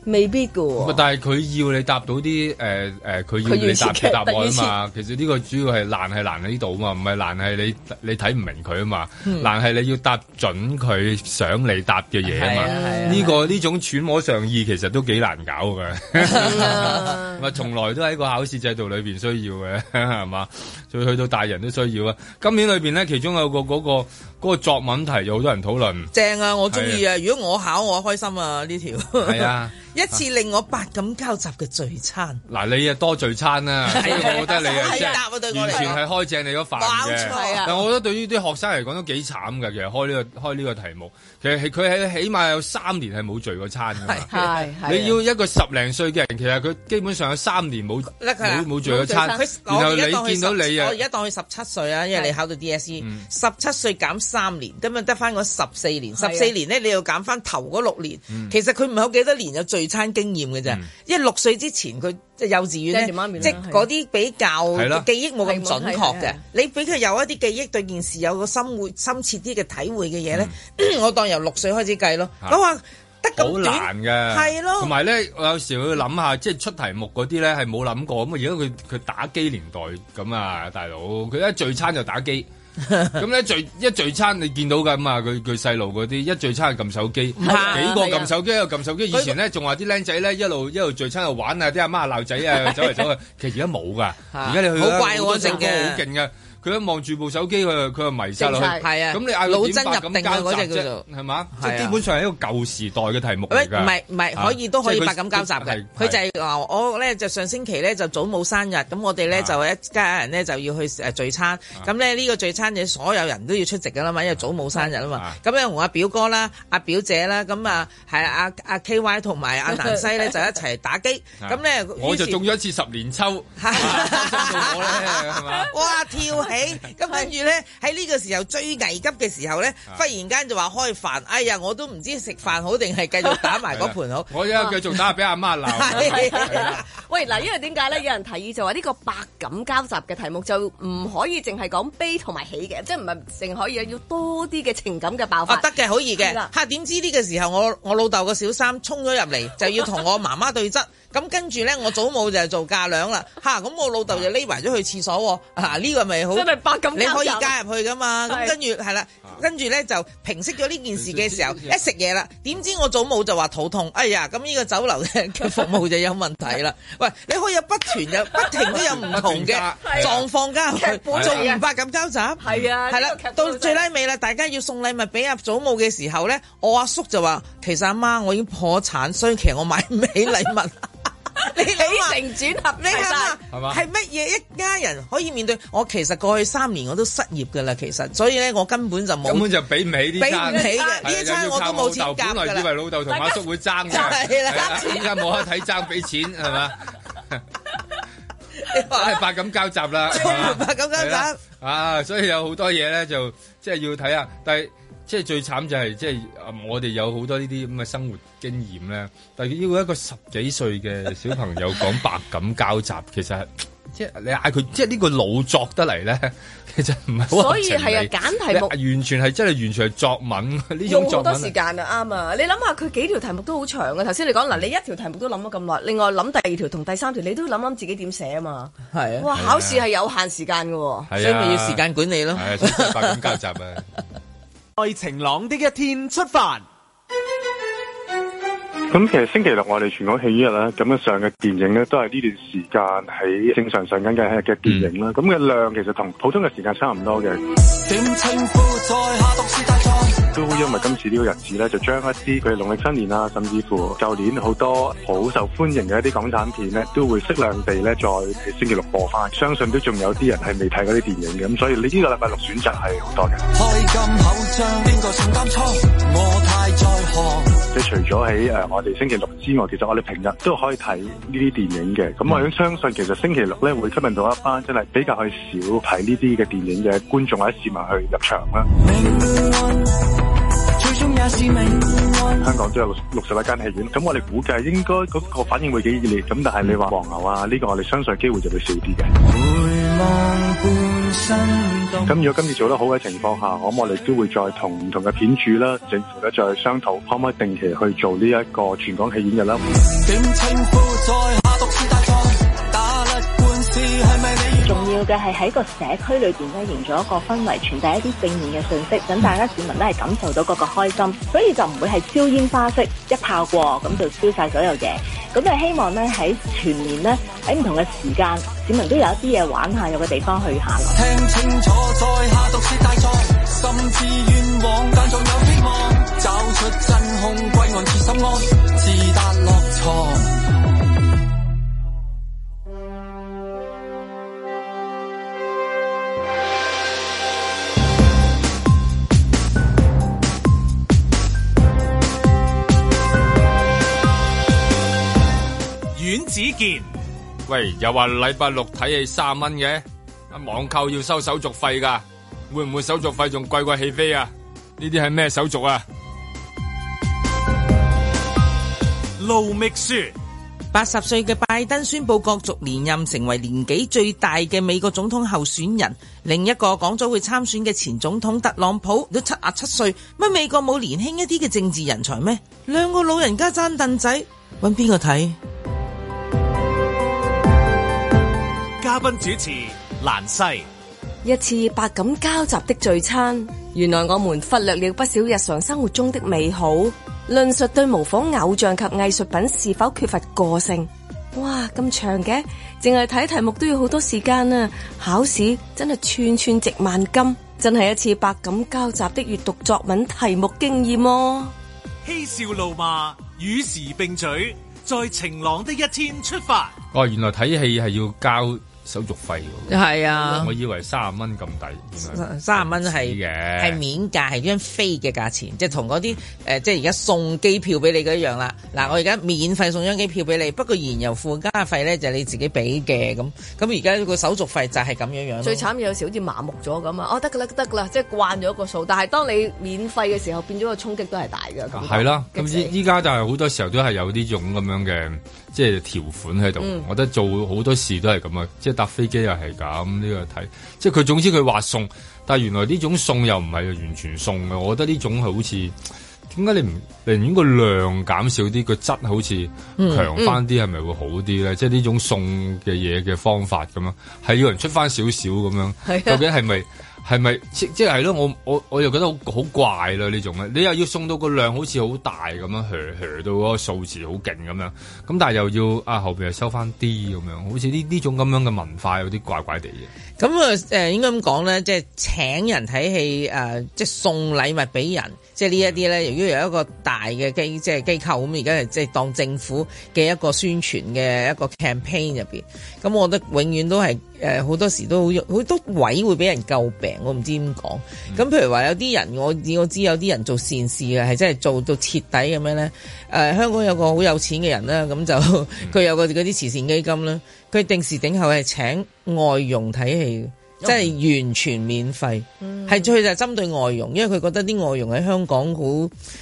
未必噶、哦，但係佢要你答到啲誒誒，佢、呃、要你答嘅答案啊嘛。其實呢個主要係難係難喺呢度啊是是嘛，唔係、嗯、難係你你睇唔明佢啊嘛，難係你要答準佢想你答嘅嘢啊嘛。呢、啊啊呢個呢、啊、種揣摩上意其實都幾難搞噶，咪從來都喺個考試制度裏邊需要嘅係嘛，仲去到大人都需要啊。今年裏邊咧，其中有個嗰、那個。嗰個作文題有好多人討論，正啊！我中意啊！啊如果我考我開心啊！呢條係啊， 一次令我百感交集嘅聚餐。嗱、啊，你啊多聚餐啊， 啊我覺得你啊，完全係開正你嗰瓣嘅。啊啊啊、但係我覺得對於啲學生嚟講都幾慘嘅，其實開呢、呢個開呢個題目。其實佢係起碼有三年係冇聚過餐噶係的你要一個十零歲嘅人，其實佢基本上有三年冇冇冇聚過餐。佢罪我而家當佢十七歲啊，因為你考到 DSE，十七歲減三年，咁咪得翻十四年。十四年咧的你要減翻頭嗰六年，的其實佢唔係好幾多年有聚餐經驗嘅啫，的因為六歲之前佢。即係幼稚園咧，即係嗰啲比較記憶冇咁準確嘅，你俾佢有一啲記憶，對件事有個深活深切啲嘅體會嘅嘢咧，我當由六歲開始計咯。咁話得咁難嘅，係咯。同埋咧，我有時會諗下，即係出題目嗰啲咧係冇諗過咁啊！如果佢佢打機年代咁啊，大佬佢一聚餐就打機。咁咧聚一聚餐，你見到噶嘛？佢佢細路嗰啲一聚餐就撳手機，啊、幾個撳手機一個撳、啊、手機。以前咧仲話啲僆仔咧一路一路聚餐度玩啊，啲阿媽鬧仔啊，走嚟走去。 其實而家冇噶，而家你去好怪、啊、我成嘅，好勁噶。佢一望住部手機，佢佢迷失落去，係啊！咁你嗌老僧入定啫？係嘛？即基本上係一個舊時代嘅題目嚟㗎。唔係唔係，可以都可以百感交集嘅。佢就係話我咧就上星期咧就祖母生日，咁我哋咧就一家人咧就要去誒聚餐。咁咧呢個聚餐嘢所有人都要出席㗎啦嘛，因為祖母生日啊嘛。咁咧同阿表哥啦、阿表姐啦，咁啊係阿阿 K Y 同埋阿南西咧就一齊打機。咁咧我就中咗一次十年秋，哇跳！起咁跟住咧，喺呢個時候最危急嘅時候咧，忽然間就話開飯。哎呀，我都唔知食飯好定係繼續打埋嗰盤好。我而家繼續打媽媽，俾阿媽鬧。喂，嗱，因為點解咧？啊、有人提議就話呢個百感交集嘅題目就唔可以淨係講悲同埋喜嘅，即係唔係淨可以要多啲嘅情感嘅爆發。哦、啊，得嘅，可以嘅。嚇的，點、啊、知呢個時候我我老豆個小三衝咗入嚟，就要同我媽媽對質。咁跟住咧，我祖母就做嫁娘啦。嚇、啊，咁、啊啊、我老豆就匿埋咗去廁所喎。呢、啊啊這個咪好～你可以加入去噶嘛？咁跟住係啦，跟住咧就平息咗呢件事嘅時候，一食嘢啦，點知我祖母就話肚痛，哎呀，咁呢個酒樓嘅服務就有問題啦。喂，你可以有不停有，不停都有唔同嘅狀況加入去，做唔百感交集，係啊，係啦，到最拉尾啦，大家要送禮物俾阿祖母嘅時候咧，我阿叔就話，其實阿媽我已經破產，所以其實我買唔起禮物。你起承轉合，你係嘛係乜嘢？一家人可以面對我。其實過去三年我都失業噶啦，其實所以咧我根本就冇根本就俾唔起啲爭，俾唔起嘅。呢餐我都冇錢交。本來以為老豆同阿叔會爭嘅，依家冇得睇爭，俾錢係嘛？百感交集啦，百感交集。啊，所以有好多嘢咧，就即係要睇下，但係。即係最慘就係即係、嗯、我哋有好多呢啲咁嘅生活經驗咧，但係要一個十幾歲嘅小朋友講百感交集，其實即係你嗌佢即係呢個老作得嚟咧，其實唔係好。所以係啊，揀題目完全係真係完全係作文呢種用好多時間啊，啱啊！你諗下佢幾條題目都好長嘅。頭先你講嗱，你一條題目都諗咗咁耐，另外諗第二條同第三條，你都諗諗自己點寫啊嘛。係、啊、哇，考試係有限時間嘅，啊、所以要時間管理咯。係、啊、百感交集啊！在晴朗的一天出發。咁、嗯、其實星期六我哋全港戲呢日咧，咁嘅上嘅電影咧，都係呢段時間喺正常上緊嘅嘅電影啦。咁嘅、嗯、量其實同普通嘅時間差唔多嘅。都因為今次呢個日子咧，就將一啲佢哋農曆新年啊，甚至乎舊年好多好受歡迎嘅一啲港產片咧，都會適量地咧在星期六播返。相信都仲有啲人係未睇嗰啲電影嘅，咁所以你呢個禮拜六選擇係好多嘅。即係除咗喺誒我哋星期六之外，其實我哋平日都可以睇呢啲電影嘅。咁我哋相信，其實星期六咧會吸引到一班真係比較去少睇呢啲嘅電影嘅觀眾或者市民去入場啦。最終也是香港都有六十六十一間戲院，咁我哋估計應該嗰個反應會幾熱烈。咁但係你話黃牛啊，呢、呢個我哋相信機會就會少啲嘅。咁如果今次做得好嘅情況下，咁我哋都會再同唔同嘅片主啦、政府呢再商討，可唔可以定期去做呢一個全港戲院嘅啦。 重要嘅係喺個社區裏邊咧營造一個氛圍，傳遞一啲正面嘅信息，等大家市民都係感受到嗰個開心，所以就唔會係燒煙花式一炮過咁就燒晒所有嘢。咁就希望咧喺全年咧喺唔同嘅時間，市民都有一啲嘢玩下，有個地方去下。落。聽清楚，再下毒大甚至願望，望，但仲有希望出案、心安、自阮子健喂，又話禮拜六睇戲三蚊嘅，網購要收手續費噶，會唔會手續費仲貴過起飛啊？呢啲係咩手續啊？路密書。八十歲嘅拜登宣布角逐連任，成為年紀最大嘅美國總統候選人。另一個講咗會參選嘅前總統特朗普都七啊七歲，乜美國冇年輕一啲嘅政治人才咩？兩個老人家爭凳仔，揾邊個睇？嘉賓主持蘭西，一次百感交集的聚餐，原來我們忽略了不少日常生活中的美好。論述對模仿偶像及藝術品是否缺乏個性？哇，咁長嘅，淨係睇題目都要好多時間啊！考試真係寸寸值萬金，真係一次百感交集的閱讀作文題目經驗哦。嬉笑怒罵與時並舉，在晴朗的一天出發。哦，原來睇戲係要教。手續費喎，係啊，我以為卅蚊咁抵，卅蚊係，係免價，係張飛嘅價錢，即係同嗰啲誒，即係而家送機票俾你一樣啦。嗱，我而家免費送張機票俾你，不過燃油附加費咧就係你自己俾嘅，咁咁而家個手續費就係咁樣樣。最慘有時好似麻木咗咁啊，哦得噶啦得噶啦，即係慣咗個數。但係當你免費嘅時候，變咗個沖擊都係大嘅。係啦，咁依依家就係好多時候都係有呢種咁樣嘅。對即係條款喺度、嗯，呢個就係，我覺得做好多事都係咁啊！即係搭飛機又係咁，呢個睇。即係佢總之佢話送，但係原來呢種送又唔係完全送嘅。我覺得呢種係好似點解你唔寧願個量減少啲，個質好似強翻啲，係咪、嗯、會好啲咧？嗯、即係呢種送嘅嘢嘅方法咁樣，係要人出翻少少咁樣，究竟係咪？嗯嗯 係咪即即係咯？我我我又覺得好好怪咯呢種啊！你又要送到個量好似好大咁樣，去到嗰個數字好勁咁樣，咁但係又要啊後邊又收翻啲咁樣，好似呢呢種咁樣嘅文化有啲怪怪地嘅。咁啊誒，應該咁講咧？即係請人睇戲誒，即係送禮物俾人。即係呢一啲咧，由於有一個大嘅機，即係機構咁，而家即係當政府嘅一個宣傳嘅一個 campaign 入邊，咁、嗯、我覺得永遠都係誒，好、呃、多時都好多位會俾人詬病，我唔知點講。咁、嗯嗯、譬如話有啲人，我我知有啲人做善事嘅，係真係做到徹底咁樣咧？誒、呃，香港有個好有錢嘅人啦，咁就佢有嗰啲慈善基金啦，佢定時定候係請外傭睇戲。即係、嗯、完全免費，係佢、嗯、就針對外傭，因為佢覺得啲外傭喺香港好，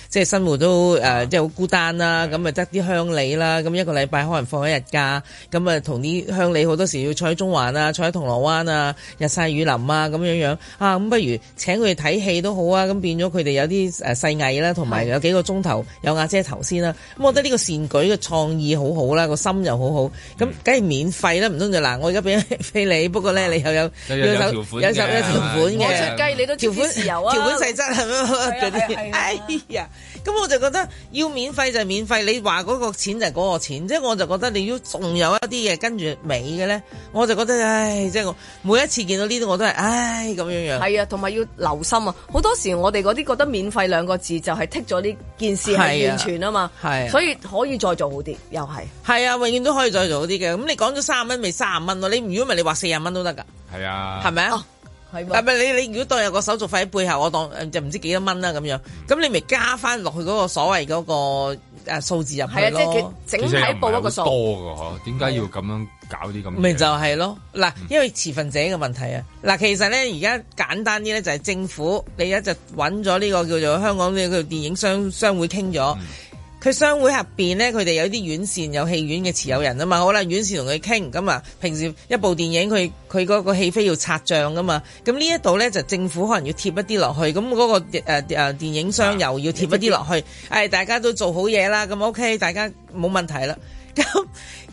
即係生活都誒，即係好孤單啦。咁啊、嗯、得啲鄉里啦，咁一個禮拜可能放一日假，咁啊同啲鄉里好多時要坐喺中環啊，坐喺銅鑼灣啊，日曬雨淋啊，咁樣樣啊，咁不如請佢哋睇戲都好啊。咁變咗佢哋有啲誒細藝啦，同埋有，有幾個鐘頭有阿姐頭先啦。咁我覺得呢個善舉嘅創意好好啦，個心又好好，咁梗係免費啦，唔通就嗱，我而家俾飛你，不過咧你又有。嗯嗯嗯嗯嗯有十一條款嘅，我出街你都條款，有，有啊，細則係咪啊？嗰啲，嗯、呵呵哎呀！哎呀哎呀咁我就覺得要免費就係免費，你話嗰個錢就係嗰個錢，即係我就覺得你要仲有一啲嘢跟住尾嘅咧，我就覺得唉，即係我每一次見到呢啲我都係唉咁樣樣。係啊，同埋要留心啊，好多時我哋嗰啲覺得免費兩個字就係剔咗呢件事係完全啊嘛，係、啊，啊、所以可以再做好啲，又係。係啊，永遠都可以再做好啲嘅。咁你講咗三十蚊，咪三十蚊咯。你如果唔係你話四十蚊都得㗎。係啊。係咪吧？Oh. 係，但係你你如果當有個手續費喺背後，我當就唔、嗯、知幾多蚊啦咁樣，咁、嗯、你咪加翻落去嗰個所謂嗰個誒數字入去咯。係啊、即係佢整體報一個數多嘅，嗬？點解要咁樣搞啲咁？咪、嗯、就係、是、咯，嗱，因為持份者嘅問題啊。嗱，其實咧而家簡單啲咧就係政府，你一就揾咗呢個叫做香港嘅，佢電影商商會傾咗。嗯佢商會入邊咧，佢哋有啲院線有戲院嘅持有人啊嘛，好啦，院線同佢傾，咁啊，平時一部電影佢佢嗰個戲飛要拆帳噶嘛，咁呢一度咧就是、政府可能要貼一啲落去，咁嗰、那個誒誒、呃、電影商又要貼一啲落去，誒、哎、大家都做好嘢啦，咁 OK，大家冇問題啦。咁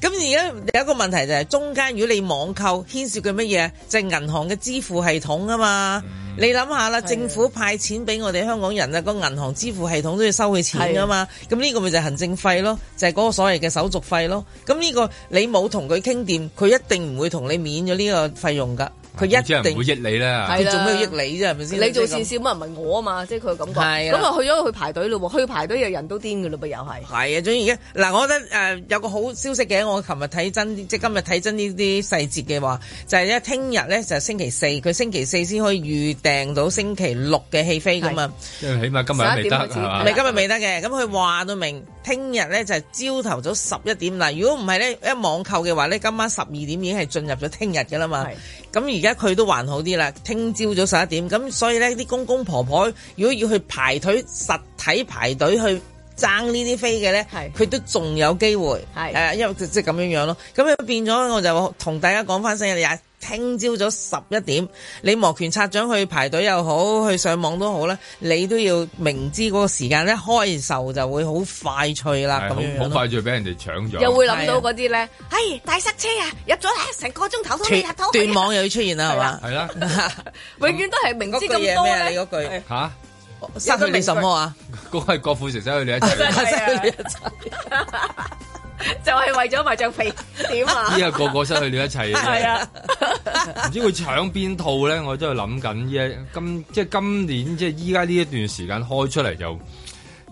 咁而家有一個問題就係、是、中間，如果你網購牽涉嘅乜嘢，就係、是、銀行嘅支付系統啊嘛。你諗下啦，政府派錢俾我哋香港人啊，個銀行支付系統都要收佢錢噶嘛，咁呢個咪就係行政費咯，就係嗰個所謂嘅手續費咯，咁呢個你冇同佢傾掂，佢一定唔會同你免咗呢個費用噶。佢一定唔會益你啦。佢做咩益你啫？係咪先？你做善事，乜唔係我啊嘛。即係佢嘅感覺。咁啊，就去咗去排隊咯喎。去排隊又人都癲嘅嘞噃，又係。係啊，總之而家嗱，我覺得誒、呃、有個好消息嘅。我琴日睇真，即係今日睇真呢啲細節嘅話，就係咧，聽日咧就係星期四，佢星期四先可以預訂到星期六嘅戲飛㗎嘛，因為起碼今日未得，唔係今日未得嘅。咁佢話到明，聽日咧就係朝頭早十一點嗱。如果唔係咧，一網購嘅話咧，今晚十二點已經係進入咗聽日㗎啦嘛。咁而家佢都還好啲啦，聽朝早十一點，咁所以呢啲公公婆婆如果要去排隊，實體排隊去爭呢啲飛嘅呢，佢是都仲有機會，係是、呃，因為即係咁樣樣咯，咁啊變咗我就同大家講翻聲，聽朝早十一點，你摩拳擦掌去排隊又好，去上網都好啦。你都要明知嗰個時間一開售就會好快脆啦，好對快脆俾人哋搶咗。又會諗到嗰啲咧，唉、啊哎，大塞車啊，入咗咧成個鐘頭都未入到，啊。斷網又要出現啦，係嘛？係啦、啊，啊、 永遠都係明知咁多 你嗰句吓，塞車、啊、你什麼 你啊？嗰個係郭富城走去你一 就係為咗賣著肥點啊！依家個個失去了一切，係啊，唔 知會搶邊套咧？我真喺度諗緊呢一今即係今年即係依家呢一段時間開出嚟就。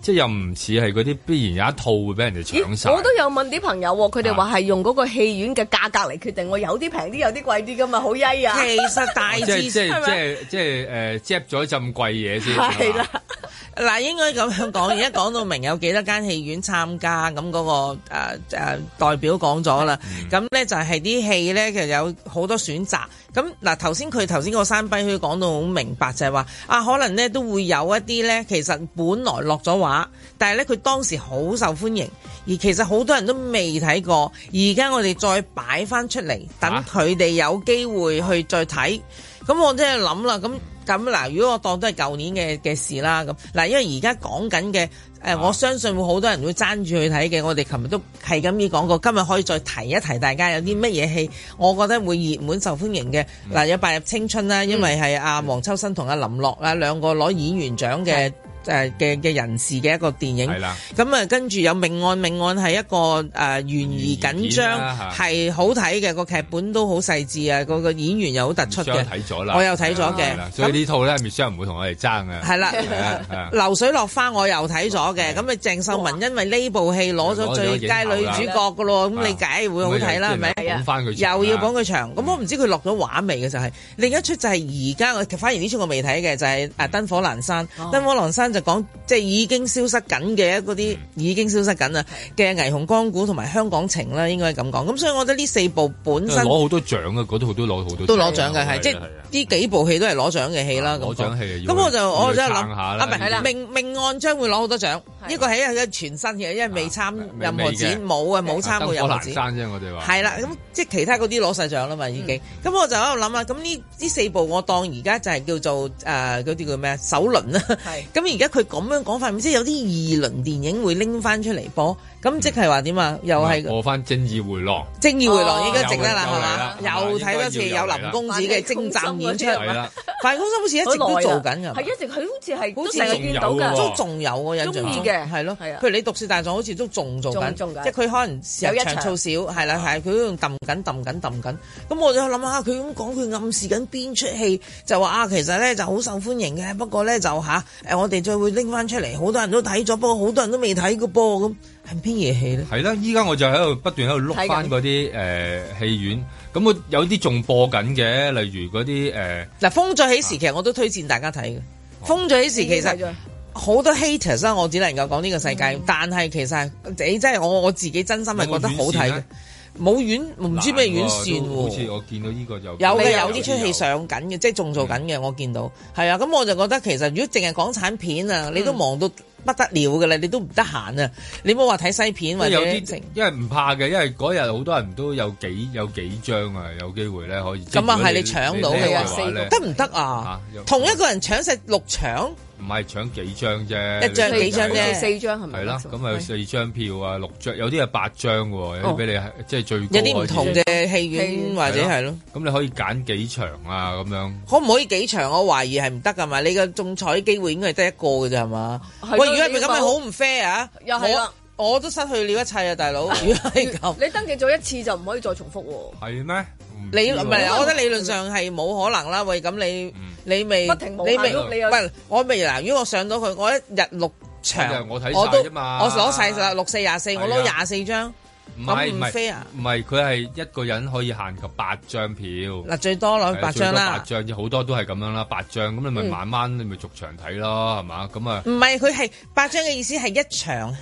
即係又唔似係嗰啲必然有一套會俾人哋搶手，我都有問啲朋友，佢哋話係用嗰個戲院嘅價格嚟決定，我有啲平啲，有啲貴啲噶嘛，好曳啊！ 其實大致、哦、即係 即係即係即係咗一陣貴嘢先係啦。嗱的， 應該咁樣講，而家講到明有幾多間戲院參加，咁嗰、那個誒誒、呃呃、代表講咗啦。咁咧就係啲戲咧，其實有好多選擇，咁嗱，頭先佢頭先個山飛佢講到好明白，就係、是、話啊，可能咧都會有一啲咧，其實本來落咗畫。但係咧，佢當時好受歡迎，而其實好多人都未睇過。而家我哋再擺翻出嚟，等佢哋有機會去再睇。咁、啊、我真係諗啦，咁咁嗱，如果我當都係舊年嘅嘅事啦，咁嗱，因為而家講緊嘅，誒、呃、啊、我相信會好多人會爭住去睇嘅。我哋琴日都係咁樣講過，今日可以再提一提大家有啲乜嘢戲，我覺得會熱門受歡迎嘅。嗱、嗯，有《白日青春》啦，因為係阿黃秋生同阿林諾啦兩個攞演員獎嘅、嗯。誒嘅嘅人士嘅一個電影，咁啊跟住有命案，命案係一個誒懸疑緊張，係好睇嘅，個劇本都好細緻啊，個個演員又好突出嘅，我又睇咗嘅，所以呢套咧 Michelle 唔會同我哋爭嘅。係啦，流水落花我又睇咗嘅，咁啊鄭秀文因為呢部戲攞咗最佳女主角嘅咯，咁你計會好睇啦，係咪啊？又要講佢長，咁我唔知佢落咗畫未嘅，就係另一出就係而家我反而呢出我未睇嘅就係誒燈火闌珊，燈火闌珊。就講，即係已經消失緊嘅一嗰啲已經消失緊啦嘅霓虹光谷同埋香港情啦，應該係咁講。咁所以我覺得呢四部本身攞好多獎啊，嗰啲好多攞好多都攞獎嘅係，即係呢幾部戲都係攞獎嘅戲啦。攞獎戲咁我就我真係諗啊，唔命命案將會攞好多獎。呢個係因為全新嘅，因為未參任何展，冇啊冇參過任何展。得我係啦，咁即係其他嗰啲攞晒獎啦嘛，已經。咁我就喺度諗啦，咁呢呢四部我當而家就係叫做誒嗰啲叫咩啊？首輪啦，咁而。而家佢咁樣講法，唔知有啲二輪電影會拎翻出嚟播。咁即係話點啊？又係過翻正義回廊，正義回廊而家值得啦，係嘛？又睇多次有林公子嘅精湛演出，但係空心好似一直都做緊㗎，係一直佢好似係好似見到㗎，都仲有我印象中，係咯，係啊。譬如你讀《毒舌大狀》，好似都仲做緊，即係佢可能有一場做少，係啦，係佢都仲揼緊揼緊揼緊。咁我就諗下，佢咁講，佢暗示緊邊出戲就話啊，其實咧就好受歡迎嘅，不過咧就吓，誒，我哋再會拎翻出嚟，好多人都睇咗，不過好多人都未睇嘅噃咁。係邊嘢戲咧？係啦！依家我就喺度不斷喺度碌翻嗰啲誒戲院，咁我有啲仲播緊嘅，例如嗰啲誒，嗱《風再起時》其實我都推薦大家睇嘅，《風再起時》其實好多 haters 我只能夠講呢個世界，但係其實你真係我我自己真心係覺得好睇，冇院唔知咩院線？好似我見到呢個有有嘅有呢出戲上緊嘅，即係仲做緊嘅，我見到係啊，咁我就覺得其實如果淨係港產片啊，你都忙到。不得了嘅啦，你都唔得閒啊！你唔好話睇西片或者，因為唔怕嘅，因為嗰日好多人都有幾有幾張啊，有機會咧可以。咁啊，係你搶到係個啊，四個得唔得啊？同一個人搶曬六場。唔係搶幾張啫，一張幾張啫，四張係咪？係啦，咁咪有四張票啊，六張，有啲係八張嘅，有啲俾你係即係最高。有啲唔同嘅戲院或者係咯。咁你可以揀幾場啊，咁樣。可唔可以幾場？我懷疑係唔得噶嘛？你個中彩機會應該係得一個嘅咋，係嘛？喂，如果係咪咁咪好唔 fair 啊？又係啦，我都失去了一切啊，大佬。如果係咁，你登記咗一次就唔可以再重複。係咩？你唔係，我覺得理論上係冇可能啦。喂，咁你你未，你未，唔係我未嗱。如果我上到佢，我一日六場，我睇曬啫嘛。我攞曬啦，六四廿四，我攞廿四張。唔係唔飛啊？唔係佢係一個人可以限購八張票嗱，最多攞八張啦。最多八張，好多都係咁樣啦，八張。咁你咪慢慢，你咪逐場睇咯，係嘛？咁啊，唔係佢係八張嘅意思係一場。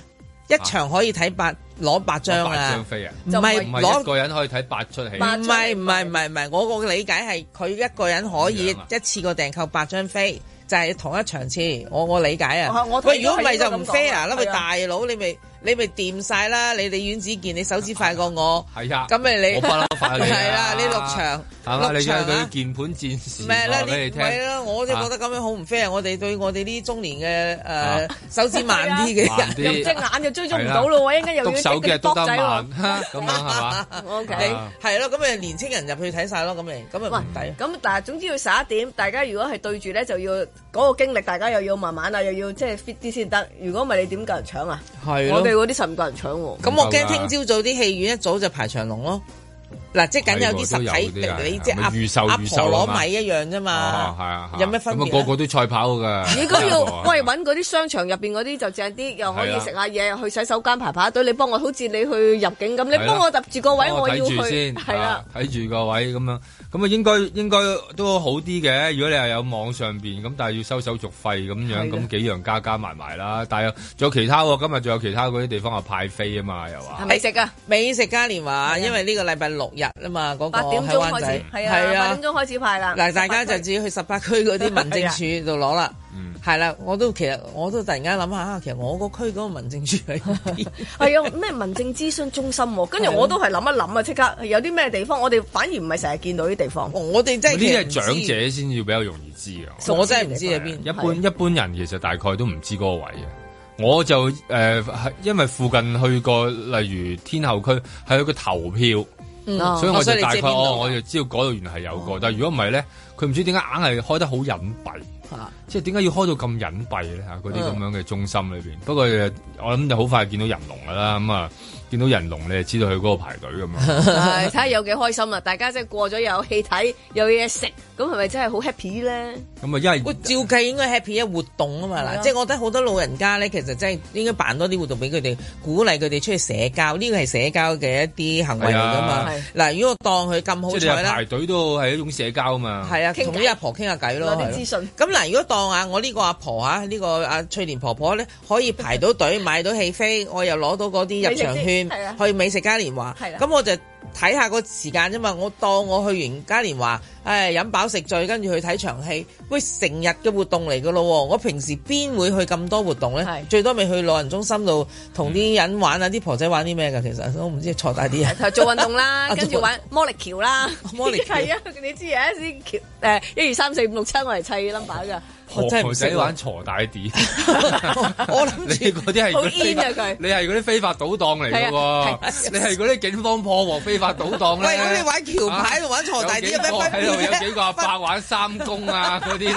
一場可以睇八攞八張啊，張飛啊，唔係攞個人可以睇八出戲，唔係唔係唔係唔係，我個理解係佢一個人可以一次過訂購八張飛，就係、是、同一場次，我我理解啊。喂，如果唔係就唔 fair 啊，拉佢大佬你咪。你咪掂曬啦！你哋院子見，你手指快過我，係呀，咁咪你，我不嬲快啦，係啦，你六長，六長，你嘅佢鍵盤戰士，咩啦？唔係啦，我就覺得咁樣好唔 fair。我哋對我哋啲中年嘅誒手指慢啲嘅人，用隻眼就追蹤唔到咯喎，應該又要用隻手嘅篤得慢，咁啊係嘛？我 OK，係咯，咁咪年青人入去睇曬咯，咁嚟，咁咪唔抵。咁但係總之要十一點，大家如果係對住咧，就要嗰個經歷，大家又要慢慢啊，又要即係 fit 啲先得。如果唔係，你點夠人搶啊？係咯。嗰啲十幾個人搶喎，咁我驚聽朝早啲戲院一早就排長龍咯。嗱，即係緊有啲食睇，你即係預售，阿婆攞米一樣啫嘛，有咩分別啊？個個都賽跑㗎。如果要喂揾嗰啲商場入邊嗰啲就正啲，又可以食下嘢，去洗手間排排隊。你幫我好似你去入境咁，你幫我揼住個位，我要去。係啦，睇住個位咁樣，咁啊應該應該都好啲嘅。如果你係有網上邊咁，但係要收手續費咁樣，咁幾樣加加埋埋啦。但係仲有其他喎，今日仲有其他嗰啲地方啊派飛啊嘛，又話美食啊美食嘉年華，因為呢個禮拜六。日啦嘛，嗰個喺灣仔，係啊，八點鐘開始派啦。嗱，大家就只要去十八區嗰啲民政處就攞啦。係啦，我都其實我都突然間諗下，其實我個區嗰個民政處係係咩民政諮詢中心，啊，跟住我都係諗一諗啊，即刻有啲咩地方，我哋反而唔係成日見到啲地方。我哋即係長者先至比較容易知，知啊。我真係唔知喺邊。一般一般人其實大概都唔知嗰個位嘅。我就誒、呃，因為附近去過，例如天后區係一個投票。嗯、所以我就大概，哦哦、我就知道嗰度原來係有個，哦、但係如果唔係咧，佢唔知點解硬係開得好隱蔽，啊、即係點解要開到咁隱蔽咧？嚇，嗰啲咁樣嘅中心裏邊。嗯、不過我諗就好快就見到人龍噶啦，咁、嗯、啊～見到人龍，你係知道佢嗰個排隊㗎嘛？睇下有幾開心啊！大家即係過咗有戲睇，有嘢食，咁係咪真係好 happy 咧？咁啊，係。我照計應該 happy 一活動啊嘛嗱，即係我覺得好多老人家咧，其實真係應該辦多啲活動俾佢哋，鼓勵佢哋出去社交。呢個係社交嘅一啲行為嚟㗎嘛。嗱，如果當佢咁好彩咧，排隊都係一種社交啊嘛。係啊，同啲阿婆傾下偈咯。攞啲資訊。咁嗱，如果當啊我呢個阿婆吓，呢個阿翠蓮婆婆咧，可以排到隊買到戲飛，我又攞到嗰啲入場券。去美食嘉年華，咁的我就睇下個時間啫嘛，我當我去完嘉年華。唉，飲飽食醉，跟住去睇場戲，喂，成日嘅活動嚟嘅咯喎！我平時邊會去咁多活動咧？最多未去老人中心度同啲人玩啊！啲婆仔玩啲咩嘅？其實我唔知鋤大啲啊！做運動啦，跟住玩魔力橋啦，魔力係啊！你知啊，啲橋誒，一二三四五六七，我嚟砌 number 嘅。婆仔唔使玩鋤大啲，我諗你嗰啲係好癲啊！佢你係嗰啲非法賭檔嚟嘅喎，你係嗰啲警方破獲非法賭檔咧。喂，咁你玩橋牌度玩鋤大啲啊？有幾個阿伯玩三公啊，嗰啲咧，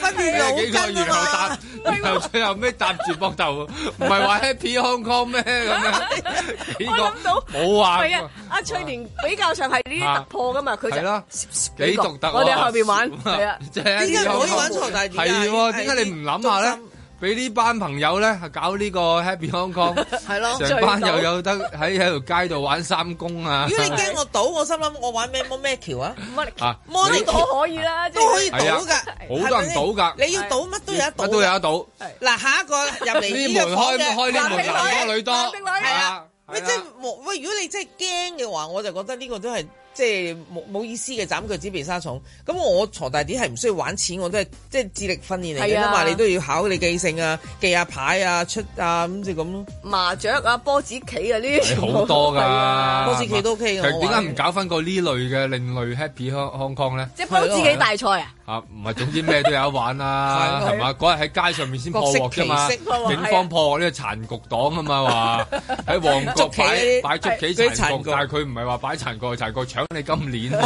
即係幾個然後搭，然後最後咩搭住膊頭，唔係話 Happy Hong Kong 咩咁樣？幾個冇玩。係啊，阿翠蓮比較上係呢啲突破噶嘛，佢就幾獨特。我哋後面玩，係啊，點解可以玩牀台？係喎，點解你唔諗下咧？俾呢班朋友咧，搞呢個 Happy Hong Kong，係咯，成班又有得喺喺條街度玩三公啊！如果你驚我賭，我心諗我玩咩？摸咩橋啊？摩力橋，摩力島可以啦，都可以賭噶，好多人都賭噶。你要賭乜都有得賭，乜都有得賭。嗱，下一個入嚟呢個嘅，男多女多。係啊，喂，即係，喂，如果你真係驚嘅話，我就覺得呢個都係。即係冇冇意思嘅斬腳趾避沙蟲。咁我鋤大啲係唔需要玩錢，我都係即係智力訓練嚟㗎嘛。是啊、你都要考你記性啊、記下牌啊、出啊，咁就咁咯。麻雀啊、波子棋啊呢啲好多㗎，波子棋都 OK 嘅。但其實點解唔搞翻個呢類嘅另類 happy Hong Kong 咧？即係波子棋大賽啊！是啊，唔係，總之咩都有得玩啊，係嘛？嗰日喺街上面先破獲啫嘛，警方破獲呢個殘局黨啊嘛，話喺旺角擺擺捉棋殘局，但係佢唔係話擺殘局，殘局搶你今年，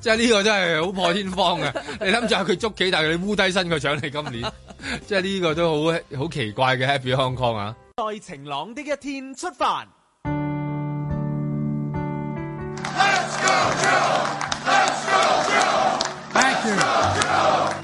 即係呢個真係好破天荒嘅。你諗住佢捉棋，但係你烏低身佢搶你今年，即係呢個都好好奇怪嘅 Happy Hong Kong 啊！在晴朗的一天出發。Let's go, go!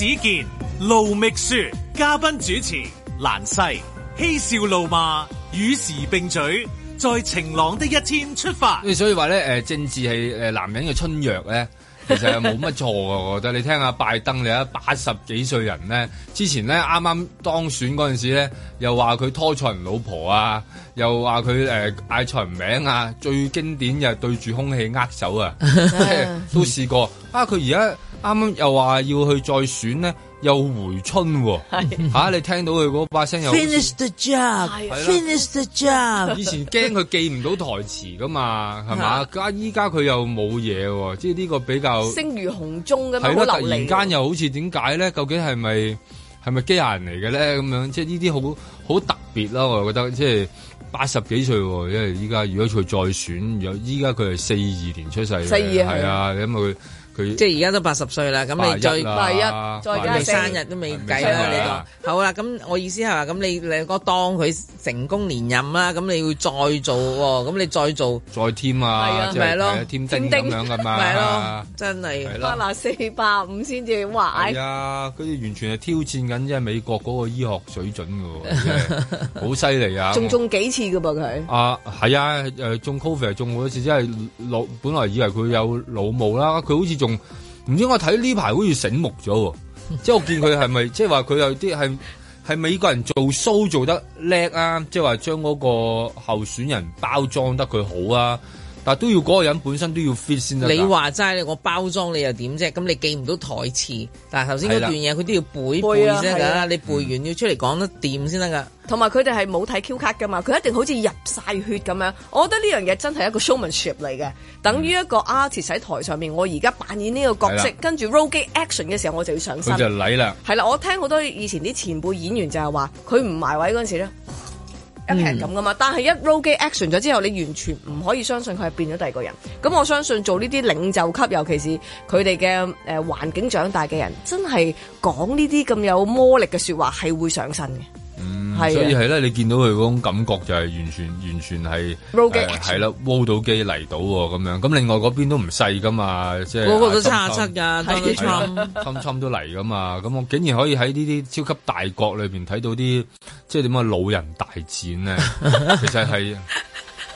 子健、盧覓雪，嘉賓主持蘭西，嬉笑怒罵，與時並舉，在晴朗的一天出發。所以話咧，誒，政治係誒，男人嘅春藥咧，其實係冇乜錯嘅。我覺得你聽下拜登，你睇八十幾歲人咧，之前咧啱啱當選嗰陣時咧，又話佢拖錯人老婆啊，又話佢誒嗌錯人名啊，最經典嘅對住空氣握手啊， 都試過。啊，佢而家。啱啱又話要去再選咧，又回春喎！吓，你聽到佢嗰把聲又 Finish the job，Finish the job。以前驚佢記唔到台詞噶嘛，係嘛？家依家佢又冇嘢，即係呢個比較聲如洪鐘咁，好流利。突然間又好似點解咧？究竟係咪係咪機械人嚟嘅咧？咁樣即係呢啲好好特別啦。我覺得即係八十幾歲，因為依家如果佢再選，有依家佢係四二年出世，四二係啊咁佢。即係而家都八十歲啦，咁你最八一再加生日都未計啦，呢度好啦。咁我意思係話，咁你兩個當佢成功連任啦，咁你要再做，咁你再做再添啊，即係添丁咁樣噶嘛，真係花落四百五先至壞。係啊，佢哋完全係挑戰緊，即係美國嗰個醫學水準噶，好犀利啊！仲中幾次噶噃佢啊，係啊，誒，中 covid 中好多次，即係老，本來以為佢有老母啦，佢好似。仲唔知我睇呢排好似醒目咗喎，即係我見佢係咪即係話佢有啲係係美國人做 show 做得叻啊，即係話將嗰個候選人包裝得佢好啊。但都要嗰個人本身都要 fit 先得。你話齋，我包裝你又點啫？咁你記唔到台詞？但係頭先嗰段嘢，佢的都要背背先㗎。背你背完要出嚟講得掂先得㗎。同埋佢哋係冇睇 Q 卡㗎嘛？佢一定好似入晒血咁樣。我覺得呢樣嘢真係一個 showmanship 嚟嘅，等於一個 artist 喺台上面。我而家扮演呢個角色，的跟住 roll action 嘅時候，我就要上身。佢就嚟啦。係啦，我聽好多以前啲前輩演員就係話，佢唔埋位嗰陣時咧。咁噶嘛，嗯、但係一 low action 咗之後，你完全唔可以相信佢係變咗第二個人。咁我相信做呢啲領袖級，尤其是佢哋嘅誒環境長大嘅人，真係講呢啲咁有魔力嘅說話，係會上身嘅。嗯，的所以係咧，你見到佢嗰種感覺就係完全完全係係啦 hold 到機嚟到咁樣。咁另外嗰邊都唔細噶嘛，即係個個都七十七噶，貪貪都嚟噶嘛。咁我竟然可以喺呢啲超級大國裏邊睇到啲即係點啊老人大戰呢？ 其實係。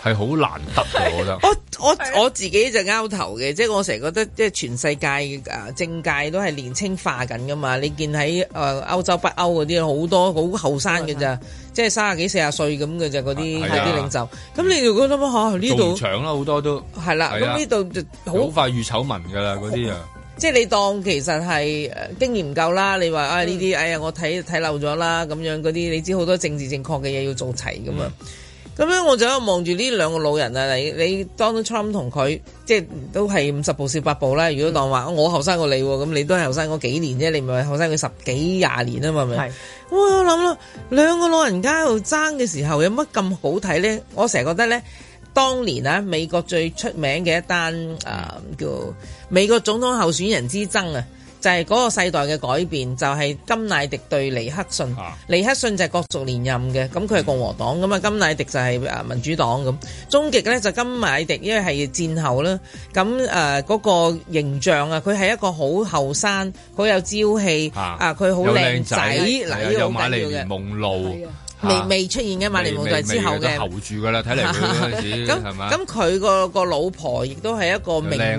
係好難得嘅，我覺得。我我我自己就拗頭嘅，即係我成日覺得，即係全世界啊政界都係年輕化緊噶嘛。你見喺誒歐洲北歐嗰啲好多好後生嘅咋，山即係三十幾四十歲咁嘅咋嗰啲嗰啲領袖。咁的你又覺得呢度、啊、長啦，好多都係啦。咁呢度就好快遇醜聞噶啦，嗰啲啊。即係很你當其實係經驗唔夠啦，你話啊呢啲哎呀、哎、我睇睇漏咗啦，咁樣嗰啲你知好多政治，政治正確嘅嘢要做齊噶嘛。嗯咁咧，樣我就喺度望住呢兩個老人啊！你你當初 Trump 同佢，即係都係五十步笑百步啦。如果當話我後生過你，咁你都係後生我幾年啫，你唔係後生佢十幾廿年啊嘛咪？是是是哇！諗啦，兩個老人家喺度爭嘅時候，有乜咁好睇咧？我成日覺得咧，當年啊，美國最出名嘅一單啊，叫美國總統候選人之爭啊！就係嗰個世代嘅改變，就係金乃迪對尼克遜，尼克遜就係國族連任嘅，咁佢係共和黨咁啊，金乃迪就係誒民主黨咁。終極咧就金乃迪，因為係戰後啦，咁誒嗰個形象啊，佢係一個好後生，好有朝氣啊，佢好靚仔，又有瑪麗蓮夢露。未未出現嘅、啊、馬尼慕就係之後嘅，未未未侯住噶啦，睇嚟。咁咁佢個個老婆亦都係一個名媛，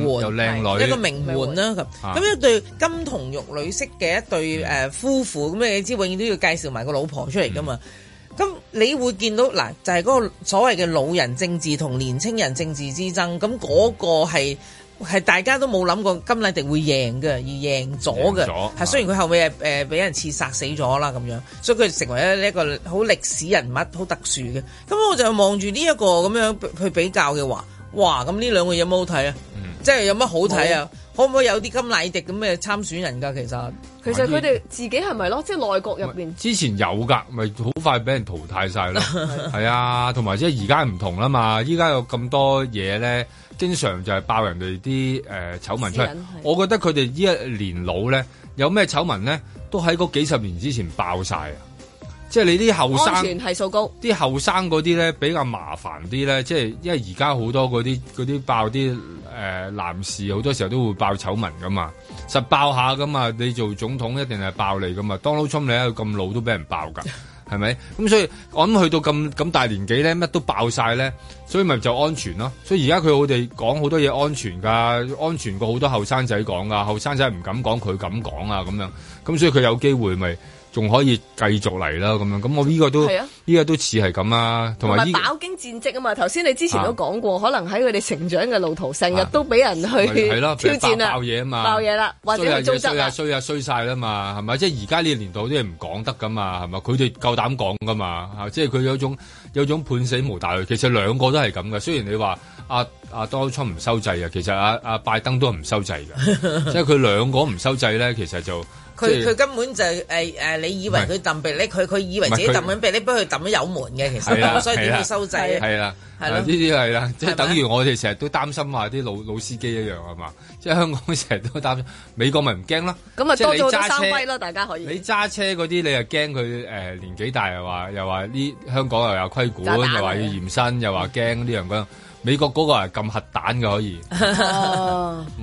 女一個名媛啦。咁咁、啊啊、一對金童玉女式嘅一對誒夫婦，咁、嗯、你知永遠都要介紹埋個老婆出嚟噶嘛？咁、嗯、你會見到嗱，就係、是、嗰個所謂嘅老人政治同年青人政治之爭，咁嗰個係。係大家都冇諗過甘迺迪會贏嘅，而贏咗嘅。係了雖然佢後尾誒誒俾人刺殺死咗啦咁樣，所以佢成為咗一個好歷史人物，好特殊嘅。咁我就望住呢一個咁樣去比較嘅話，哇！咁呢兩個有冇睇啊？嗯、即係有乜好睇啊？可唔可以有啲甘迺迪咁嘅參選人噶？其實。其實佢哋自己係咪咯？即係內閣入邊，之前有㗎，咪好快俾人淘汰晒啦。係 啊，同埋即係而家唔同啦嘛。依家有咁多嘢咧，經常就係爆人哋啲誒醜聞出嚟。我覺得佢哋依一年老咧，有咩醜聞咧，都喺嗰幾十年之前爆晒。啊！即係你啲後生，啲後生嗰啲咧比較麻煩啲咧，即係因為而家好多嗰啲啲爆啲誒男士，好多時候都會爆醜聞噶嘛，實爆下噶嘛，你做總統一定係爆你噶嘛，Donald Trump 你喺度咁老都俾人爆噶，係咪？ 咁所以我諗去到咁咁大年紀咧，乜都爆晒咧，所以咪就安全咯。所以而家佢哋講好多嘢安全噶，安全過好多後生仔講噶，後生仔唔敢講，佢敢講啊咁樣，咁所以佢有機會咪。仲可以繼續嚟啦，咁樣咁我呢個都係、啊、呢個都似係咁啦，同埋飽經戰績啊嘛！頭先你之前都講過，啊、可能喺佢哋成長嘅路途，成日都俾人去挑戰啊，爆嘢啊嘛，爆嘢啦，或者係挫折啊，衰啊衰啊衰曬啦嘛，係咪？即係而家呢個年代啲嘢唔講得噶嘛，係咪？佢哋夠膽講噶嘛？即係佢有種有種判死無大罪。其實兩個都係咁嘅。雖然你話阿阿當初唔收制啊，其實阿阿拜登都唔收制嘅，即係佢兩個唔收制咧，其實就。佢佢根本就誒誒，你以為佢抌鼻搦佢，佢以為自己抌緊鼻搦，不過佢抌咗有門嘅，其實，所以點去收掣？係啦，係咯，呢啲係啦，即係等於我哋成日都擔心啊，啲老老司機一樣係嘛？即係香港成日都擔心，美國咪唔驚咯？咁啊，多咗啲揸車咯，大家可以。你揸車嗰啲，你又驚佢誒年紀大又話又話啲香港又有規管又話要驗身又話驚呢樣嗰。美國嗰個係撳核彈嘅可以，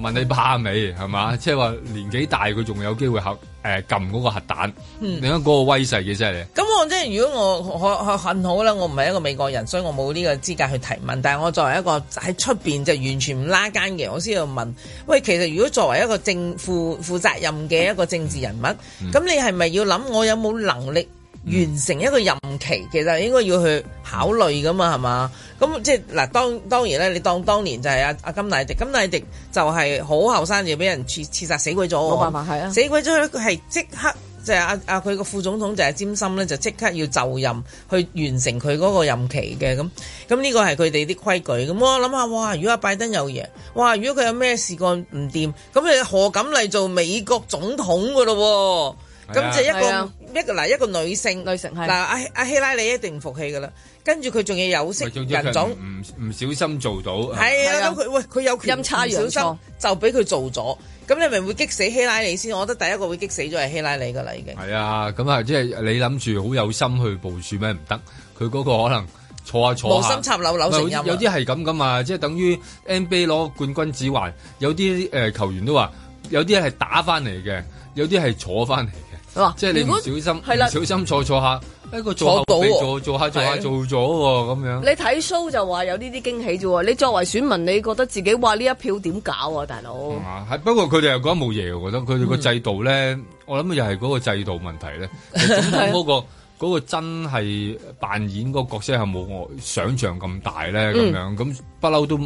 問你怕未係嘛？即係話年紀大佢仲有機會核誒撳嗰個核彈，嗯，點解嗰個威勢嘅真係咁我即係如果我我可幸好啦，我唔係一個美國人，所以我冇呢個資格去提問。但係我作為一個喺出邊就完全唔拉更嘅，我先要問：喂，其實如果作為一個政負負責任嘅一個政治人物，咁、嗯、你係咪要諗我有冇能力？嗯、完成一個任期，其實應該要去考慮噶嘛，係嘛？咁即係嗱，當當然咧，你當當年就係阿阿甘迺迪，甘迺迪就係好後生就俾人刺刺殺死鬼咗。冇辦法係啊！死鬼咗佢係即刻即係、阿阿佢個副總統就係詹森，咧，就即刻要就任去完成佢嗰個任期嘅咁。咁呢個係佢哋啲規矩。咁我諗下，哇！如果阿拜登有贏，哇！如果佢有咩事幹唔掂，咁你賀錦麗做美國總統噶咯？咁即係一個一個嗱一個女性，女性係嗱阿阿希拉里，一定唔服氣噶啦，跟住佢仲要有識人種，唔唔小心做到係啊，咁佢喂佢有陰差陽錯就俾佢做咗，咁你咪會激死希拉里先？我覺得第一個會激死咗係希拉里噶啦，已經係啊，咁啊，即係你諗住好有心去部署咩唔得？佢嗰個可能坐下坐下無心插柳，有有啲係咁噶嘛，即係等於 NBA 攞冠軍指環，有啲誒球員都話，有啲係打翻嚟嘅，有啲係坐翻嚟。 即係你唔小心，唔果小心坐坐下， 一個坐後飛坐下坐下做咗喎，咁 樣。你睇 show 就話有呢啲驚喜啫喎！你作為選民，你覺得自己哇呢一票點搞啊，大佬、嗯？係 不過佢哋又覺得冇嘢，我覺得佢哋個制度咧，嗯、我諗又係嗰個制度問題咧，包 嗰個真係扮演嗰個角色係冇我想象咁大咧。咁、嗯、樣，咁不嬲都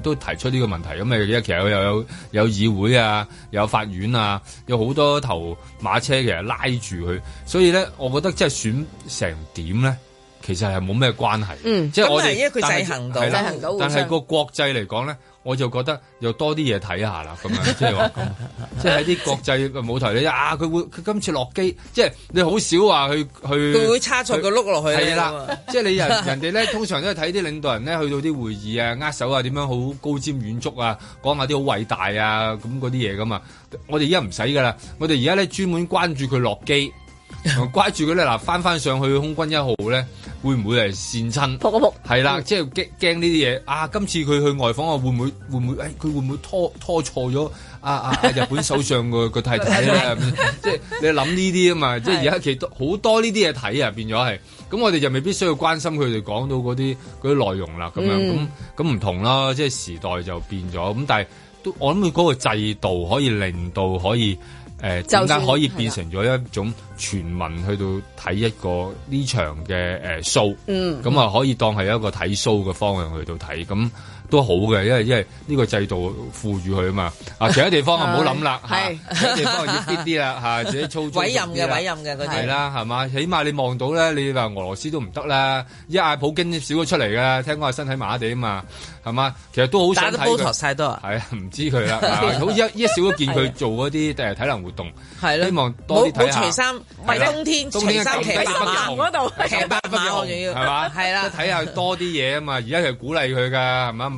都提出呢個問題，咁咪一其實又有有，有議會啊，有法院啊，有好多頭馬車其實拉住佢，所以咧，我覺得即係選成點咧，其實係冇咩關係，嗯、即係我哋。咁係、嗯、因為佢製衡到，製衡到互相。但係個國際嚟講咧。我就覺得又多啲嘢睇下啦，咁樣即係話，咁，即係喺啲國際舞台咧 啊！佢會佢今次落機，即係你好少話去去。佢會差錯個碌落去。係啦去，即係了 你人人哋咧，通常都係睇啲領導人咧，去到啲會議啊、握手啊，點樣好高瞻遠矚啊，講下啲好偉大啊咁嗰啲嘢噶嘛。我哋而家唔使噶啦，我哋而家咧專門關注佢落機。關注佢咧，嗱翻翻上去空軍一號咧，會唔會嚟扇親？扑個扑係啦，即係驚驚呢啲嘢啊！今次佢去外訪啊，會唔會會唔會？誒，佢會唔會拖拖錯咗啊啊！日本首相個個太太咧，即係你諗呢啲啊嘛，即係而家其實好多呢啲嘢睇啊，變咗係咁，我哋就未必需要關心佢哋講到嗰啲嗰啲內容啦，咁樣咁咁唔同啦，即係時代就變咗咁，但係都我諗佢嗰個制度可以令到可以。誒點、呃、算可以變成咗一種全民去到睇一個呢場嘅誒、呃、show？嗯，咁啊可以當係一個睇 show 嘅方向去到睇咁。都好嘅，因為因為呢個制度附住佢啊嘛。啊，其他地方啊唔好諗啦，其他地方要啲啲啦，吓自己操作。委任嘅委任嘅，係啦，係嘛？起碼你望到咧，你話俄羅斯都唔得啦，一嗌普京少咗出嚟噶，聽講係身體麻麻地啊嘛，係嘛？其實都好想睇。打都 out 晒多。係啊，唔知佢啦，好似依家依家少咗見佢做嗰啲誒體能活動，希望多啲睇下。冇冇除衫，冬天除衫騎馬嗰度，騎馬仲要係嘛？係啦，睇下多啲嘢啊嘛，而家係鼓勵佢噶，係嘛？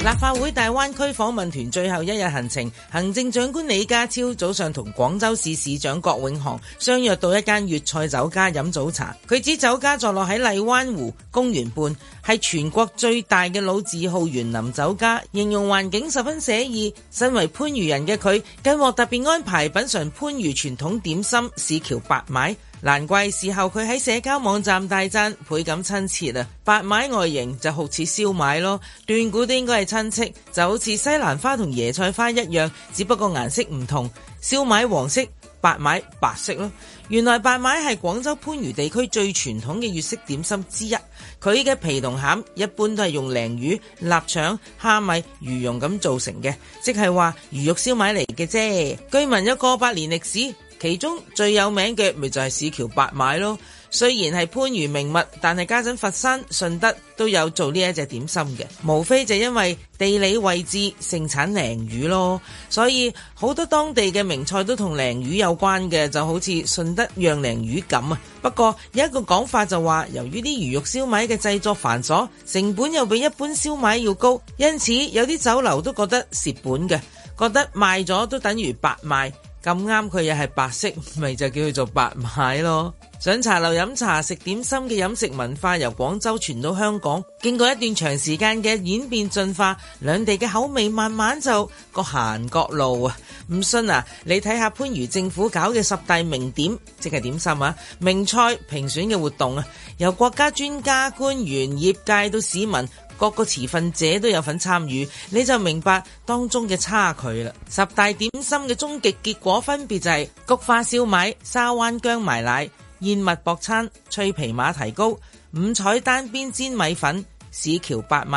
立法會大灣區訪問團最後一日行程，行政長官李家超早上同廣州市市長郭永航相約到一間粵菜酒家飲早茶。佢指酒家坐落喺荔灣湖公園畔，係全國最大嘅老字號園林酒家，形容環境十分寫意。身為番禺人嘅佢，更獲特別安排品嘗番禺傳統點心市橋白米。難怪事後佢喺社交網站大贊倍感親切啊！白米外形就好似燒賣咯，斷估都應該係親戚，就好似西蘭花同椰菜花一樣，只不過顏色唔同。燒賣黃色，白米白色咯。原來白米係廣州番禺地區最傳統嘅粵式點心之一，佢嘅皮同餡一般都係用鯪魚、臘腸、蝦米、魚蓉咁做成嘅，即係話魚肉燒賣嚟嘅啫。據聞有過百年歷史。其中最有名嘅咪就係市橋白賣咯，雖然係番禺名物，但係家陣佛山、順德都有做呢一隻點心嘅，無非就因為地理位置盛產鯪魚咯，所以好多當地嘅名菜都同鯪魚有關嘅，就好似順德釀鯪魚咁啊。不過有一個講法就話，由於啲魚肉燒賣嘅製作繁瑣，成本又比一般燒賣要高，因此有啲酒樓都覺得蝕本嘅，覺得賣咗都等於白賣。咁啱佢又係白色，咪就叫佢做白馬咯。上茶樓飲茶食點心嘅飲食文化由廣州傳到香港，經過一段長時間嘅演變進化，兩地嘅口味慢慢就各行各路啊！唔信啊，你睇下番禺政府搞嘅十大名點，即係點心啊名菜評選嘅活動啊，由國家專家、官員、業界到市民各個持份者都有份參與，你就明白當中嘅差距啦。十大點心嘅終極結果分別就係、是、菊花燒米、沙灣姜埋奶。燕麥薄餐、脆皮馬蹄糕、五彩單邊煎米粉、市橋白米、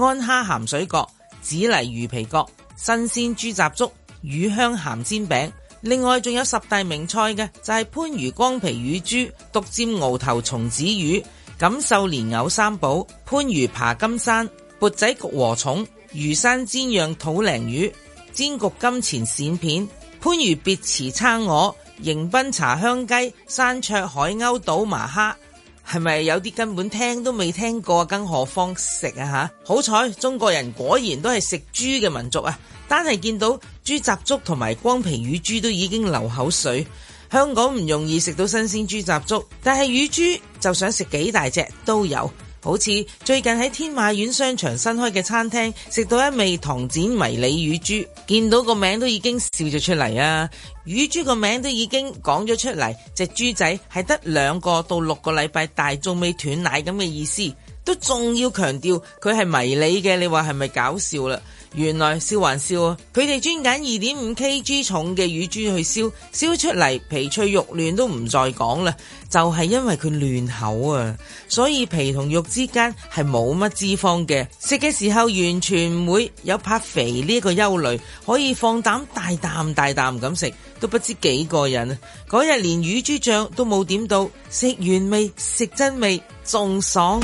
安蝦鹹水角、紫泥魚皮角、新鮮豬雜粥、魚香鹹煎餅。另外仲有十大名菜嘅就係番禺光皮乳豬、獨占鰲頭松子魚、錦繡蓮藕三寶、番禺爬金山、缽仔焗禾蟲、魚山煎釀土鯪魚、煎焗金錢鱔片、番禺別池餐鵝。迎賓茶香雞、山雀海鷗島麻蝦，係咪有啲根本聽都未聽過，更何況食啊嚇！好彩中國人果然都係食豬嘅民族啊，單係見到豬雜粥同埋光皮乳豬都已經流口水。香港唔容易食到新鮮豬雜粥，但係乳豬就想食幾大隻都有。好似最近喺天馬苑商場新開嘅餐廳食到一味糖展迷你乳豬，見到個名都已經笑咗出嚟啊！乳豬個名都已經講咗出嚟，隻豬隻豬仔係得兩個到六個禮拜大，仲未斷奶咁嘅意思，都仲要強調佢係迷你嘅，你話係咪搞笑啦？原來燒還燒啊！佢哋專揀 2.5kg 重嘅乳豬去燒，燒出嚟皮脆肉嫩都唔再講啦，就係、是、因為佢嫩口啊，所以皮同肉之間係冇乜脂肪嘅，食嘅時候完全唔會有怕肥呢個憂慮，可以放膽大啖大啖咁食，都不知幾過癮啊！嗰日連乳豬醬都冇點到，食完味，食真味仲爽。